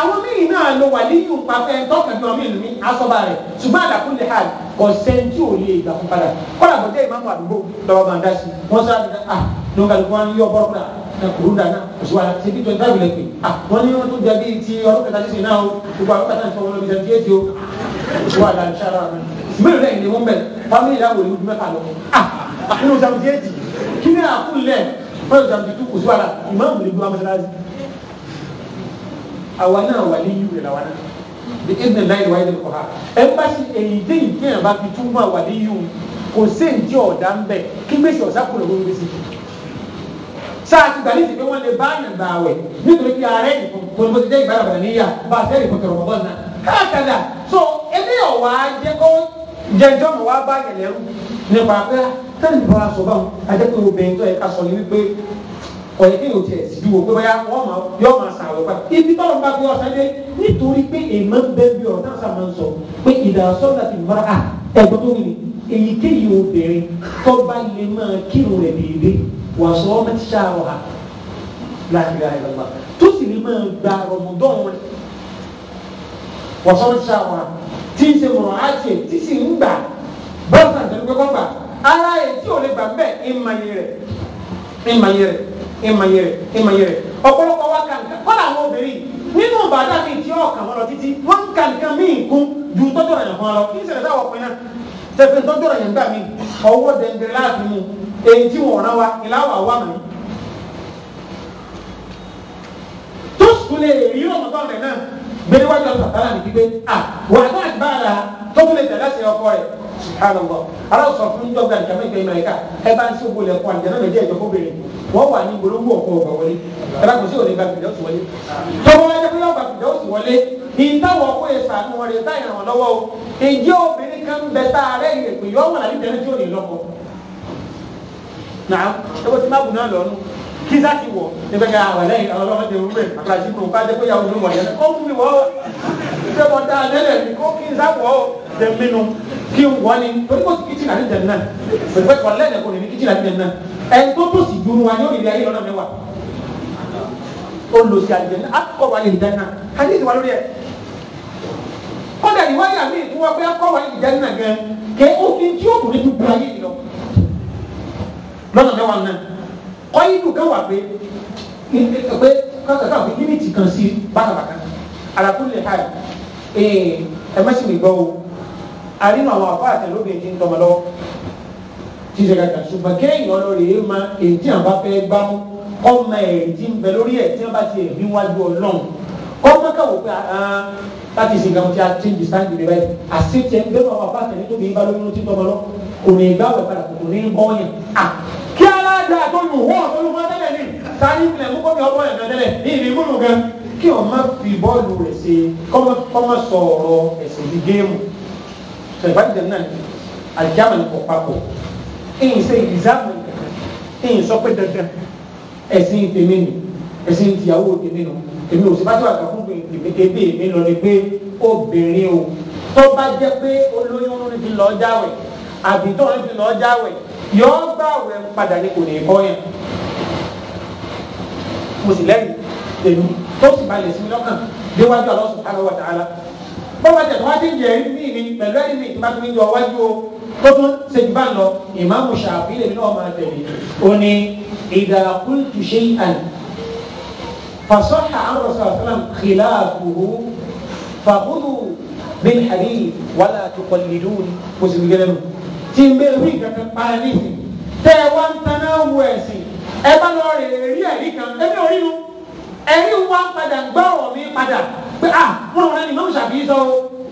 àwọn míì náà lo wà lẹ́yìn òǹpa fẹ́ tọ́kàn jọ mí ìlú mi asọ́ba rẹ̀ ṣùgbọ́n àdàkùn lè hà ọ̀sẹ̀ tí ò lè gbà fún padà kọ́lá àbọ̀jẹ́ ìmáàmù àdúgbò lọ́wọ́ máa dá sí wọ́n sá ní à ah, ní wọn kàlùkù wọn yọ bọ́ọ̀kúrà na kuru dana òṣùwà ṣe bí twenty five lẹ́pẹ́ à ah, wọ́n ní wọn tó jẹ bí ti ọdún kẹta sísè náà o gbogbo àwọn kàtà ìfọwọ́ lọ́bi seventy eight o òṣùwà là ń ṣara rẹ̀ mẹ́rin lẹ́yìn ni wọ́n bẹ̀rẹ̀ family ìyá wò ni wọ́n mẹ́ta lọ à ah, àkínú seventy eight kí ni àkúnlẹ̀ wọ́n yóò seventy two òṣùwà là ìmáàmù lè gbọ́ amọ̀ṣáláṣí àwa náà wà ní yúwe làwa náà the eight and nine wáyé lóko ha ẹmbásí èyí dé ìkéyàn bá fi túmọ̀ àwà ní yúwe kò sí ǹjẹ́ ọ̀dà ń bẹ̀ kí gbèsè ọ̀sá kúrò ló ń gbèsè sáà ti gbàlí ìsìnkú wọn lè bá àyàn gbà wẹ̀ nítorí pé ààrẹ ìfún gbogbo ti jẹ́ ìgbà rẹ̀ níyà bá a fẹ́ ìfún kẹrọ bọ́ọ̀ náà káàkàdà so ebi ọ̀wá jẹ́ kó jẹjọ́ mọ̀ wá bá yẹn lẹ́rù nípa pé ah, tẹ́lifíwá sọ báwọn ajẹ́pẹ́ obìnrin tó yẹ ká sọ ní wípé ọ̀yẹ́ kí ni o tiẹ̀ ju o pé bóyá wọ́n máa yọ máa sàn àwọn pàtó ibi tó ń bá bí ọ̀sán dé nítorí pé èèmọ̀ ń bẹ́ bí ọ̀rọ̀ náà sàmà ń sọ pé ìdàsọ́ láti mọ́ra à ẹ̀gbọ́n tó wuli èyíkéyìí obìnrin tó bá lè máa kírun rẹ̀ déédé wà sọ ọ́ mẹ́tí ṣáàrọ̀ hà láti ra ìlọ́gbà tó sì lè máa gba rọ̀mọdọ́n rẹ̀ wà sọ mẹ́tí ṣáàrọ̀ hà tí ń ṣe mọ̀rọ̀ àti tí sì ń gbà bọ́ọ̀sán tẹ̀lé pé kọ́ gbà ara ẹ̀ tí ò lè ẹ máa yẹrẹ ẹ máa yẹrẹ ọ̀pọ̀lọpọ̀ wa kà nǹkan kọ́lá àwọn obìnrin nínú bàdá mi tí ọkàn wọn lọ títí wọn ń ka nǹkan míì kún ju tọ́jú ọ̀rọ̀ yẹn kan lọ kí n ṣẹlẹ̀ sáwọ́ ọ̀pẹ náà tẹ̀fẹ̀ tọ́jú ọ̀rọ̀ yẹn gbà mí ọwọ́ dẹ̀ndẹ̀ láàfin mu èyí tí wọ́n rán wa ìlàwọ̀ àwa mọ̀ tó sùn lè rí ọmọdé náà bẹ́ẹ̀ wá lọ́sọ̀ tààrà ní gbígbé à wà á náà bá ara tó fún mi tẹ̀lé sí ọkọ rẹ̀ subhanallah aláwọ̀ sọ fún dọ́gba nìkan mẹ́gbẹ́ mẹ́ríkà ẹ bá ń ṣe ògbó lẹ́kọ́ àjẹ́nà méjì ẹ̀jọ́ fún bèrè wọ́n wà ní gbólógbó ọ̀kọ́ ọ̀gbà wọlé ẹ bá kò sí òní gba fìdí ọ̀sùn wọlé tọ́wọ́ ẹjẹ́ pé ọgbà fìdí ọ̀sùn wọlé ìdáwọ̀ ọkọ̀ yẹn sànù wọn rẹ̀ táyà wọn lọ́wọ́ o èyí obìnrin kan bẹ tá a rẹ̀ ìrèpè yọ wọn àbí tẹ̀lé tí ò ní lọ́kọ. nàá ẹ bó ti má bù náà lọ́nu kí sáàkì wọ̀ nígbàgbà àwẹ̀ lẹ́yìn ọlọ́run ti wúwẹ̀ àkàràjì kò ká jẹ́ pé yàwó ló wọ̀ yẹn kó fún mi wọ́ ọ́ ṣé mo dá lẹ́lẹ̀ mi kó kí n sáwọ̀ ọ́ jẹ mímu kí n wọ́ ni torí kò sí kíchìn àti jẹ̀ náà pẹ̀lú ẹ̀kọ́ lẹ́lẹ̀ kò ní ní kíchìn àti jẹ̀ náà ẹ̀ tó tó sì dúró wa yóò ìrìn ayé lọ́nà mẹ́wàá olùsí àjẹnà akọwà ìjẹnà hadith wà lórí ẹ kọ́dà ìwáyà mi tí wọ́n fẹ́ akọwà ìjẹnà gan kẹ́ òfin tí ó kù ní gbogbo ayé yìí lọ lọ́nà kọ́yìdù kan wà pé pé kọ́kọ́ fi límìtì kan sí bákàbàkà àlàkùnlé ha ẹ má sì mi gbọ́ o àrínú àwọn àbá àtẹlóbìnrin ti ń tọmọ lọ́wọ́ ti ṣe kàkà ṣùgbọ́n kéèyàn ọlọ́rẹ̀ yìí máa èyí tí àwọn bá fẹ́ gbá mú ọmọ ẹ̀rí ti ń bẹ lórí ẹ̀ tí wọ́n bá ti ẹ̀rí wájú ọlọ́run ọmọ káwọ́ pé ah, ah, láti ṣe nǹkan tí a ti ń dìsáǹdì rẹ báyìí àṣetì ẹ̀ ń bẹ́ẹ̀ bá wà bá àtẹ̀lé tóbi yín bá lóyún ló ti tọmọ lọ da tó lù hó olùkọ́ tẹ́lẹ̀ ní sáré ìpìlẹ̀ kókó mi ọ̀bọ̀ ẹ̀dọ̀ tẹ́lẹ̀ ní ìrìn múlù gan kí o má fi bọ́ọ̀lù rẹ̀ ṣe kọ́mọ sọ ọ̀rọ̀ ẹ̀sìn di géèmù sọ̀rọ̀bájì náà ni àjámọ̀ ní kò papọ̀ ẹ̀yìn sẹ́ ìzámù ẹ̀yìn sọ pé dandan ẹ̀sìn tèmi nì ẹ̀sìn tìyàwó tèmi nù èmi ò sì bá tí wà kà fún ebí èmi lọ ni pé obìnrin o tó bá jẹ́ pé olóyún ló ti lọ jáwèé àbí tó ń ti lọ jáwèé yọ gbà wẹ̀ padà ní kò ní kọ́ yẹn mo sì lẹ́yìn èmi tó sì balẹ̀ sí mi lọ́kàn déwájú Allah subhanahu wa ta'ala bọ́wọ́ tẹ̀ wá sí jẹ́ rí mi pẹ̀lú ẹ̀rí mi ìtìmá tó ń yọ wájú o tó tún ṣe jù bá ń lọ ìmáàmù Ṣàfi'í náà máa tẹ̀lé o ní idha qultu shay'an fasahha an rasul sallam khilafuhu fakhudhu bil hadith wala tuqallidun kò sì ní gẹ́lẹ́ nù tí n bẹ wí nǹkan kan para nísìn tẹ ẹ wá ń taná wo ẹ̀sìn ẹ bá lọ rè rí ẹ̀rí kan ẹ̀mí ò rí nu ẹ̀rí wá padà gbọ́ ọ̀rọ̀ mi padà pé à mo rò lẹ́nu ìmọ̀ọ́mù ṣàbí sọ o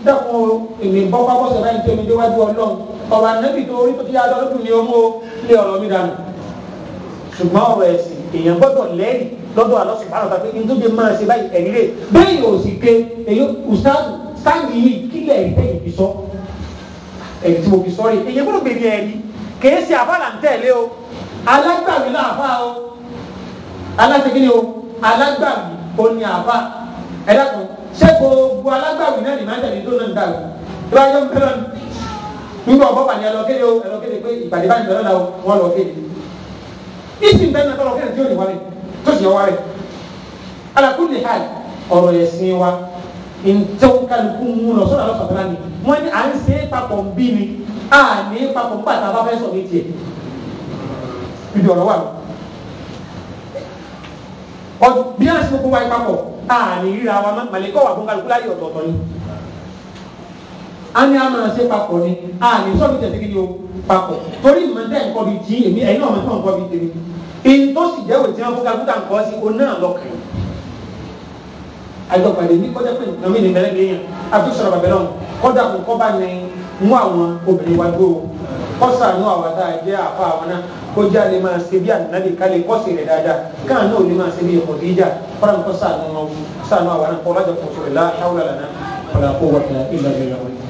dẹ́kun èmi bọ́ pápọ́ sọ̀rọ̀ ẹni tó mi déwájú ọlọ́run ọ̀rọ̀ ànábì tó orí tó ti yára lọ́dún ni ó mú o lé ọ̀rọ̀ mi dànù ṣùgbọ́n ọ̀rọ̀ ẹ̀sìn èèyàn gbọ́dọ̀ lẹ́yìn lọ́dọ̀ àlọ́sìn bá lọ́ta ẹ̀yìn tí mo fi sọ́ọ̀rì èyí gbọ́dọ̀ gbé ní ẹ̀rí kìí ṣe àfàlà ń tẹ̀lé o alágbàwí láàfà o aláṣẹ́gínní o alágbàwí o ní àfà ẹ dákun ṣé gbogbo alágbàwí náà ní máa ń tẹ̀lé tó náà ń dàrú tó bá yọ ń pẹ́rọ nígbà ọ̀bọ̀ bàní ẹlọ́kéde o ẹlọ́kéde pé ìpàdé bá ń bẹ̀rẹ̀ lọ́wọ́ wọn lọ kéde ìsìn bẹ́ẹ̀ náà tọ́lọ́kéde tí ò ní wá rẹ̀ tó sì yọ wá rẹ̀ alákùnrin hàn ọ̀rọ̀ ẹ̀sìn wa ntɛw kálukú mú lọ sọ́dọ̀ àlọ́ sọ̀tàn ni wọ́n ní à ń ṣe é papọ̀ ń bí ni à ní papọ̀ nígbà tá a bá fẹ́ sọ̀rọ̀ etí ẹ̀ ibi ọ̀rọ̀ wà lọ. ọdún bí a ṣe gbogbo wa papọ̀ à ní ríra wa màlẹ́kọ̀ wà fún kálukú láyé ọ̀tọ̀ọ̀tọ̀ ni a ní a máa ṣe ni a ní sọ́ọ̀bù tẹ̀sí kí ni o papọ̀ torí ìmọ̀tẹ́ nǹkan bíi jí èmi ẹ̀yin náà mọ̀tẹ́ nǹkan bíi tèmi ìyìn tó sì jẹ́ òtí wọn fún kálukú tá nǹkan sí o náà lọ́kàn àjọpàdé ní kọjá pé nǹkan mi ní bẹ̀rẹ̀ lẹ́yìn àfi sọ̀rọ̀ bàbá náà kọ́dà kò kọ́ba ní mú àwọn obìnrin wa dúró kọ́sàánú àwọn tá a jẹ́ àfa àwọn náà kọjá lè máa ṣe bí ànábì kálí kọ́sì rẹ̀ dáadáa káà náà lè máa ṣe bí ẹ̀kọ́ tó yíjà fọ́nrán kọ́sàánú àwọn náà kọ́ lájọ kọ́sọ̀rọ̀ láhàwùlà lànà kọ́lá kó wà ní ilẹ̀ ìlẹ̀ wọ̀nyí.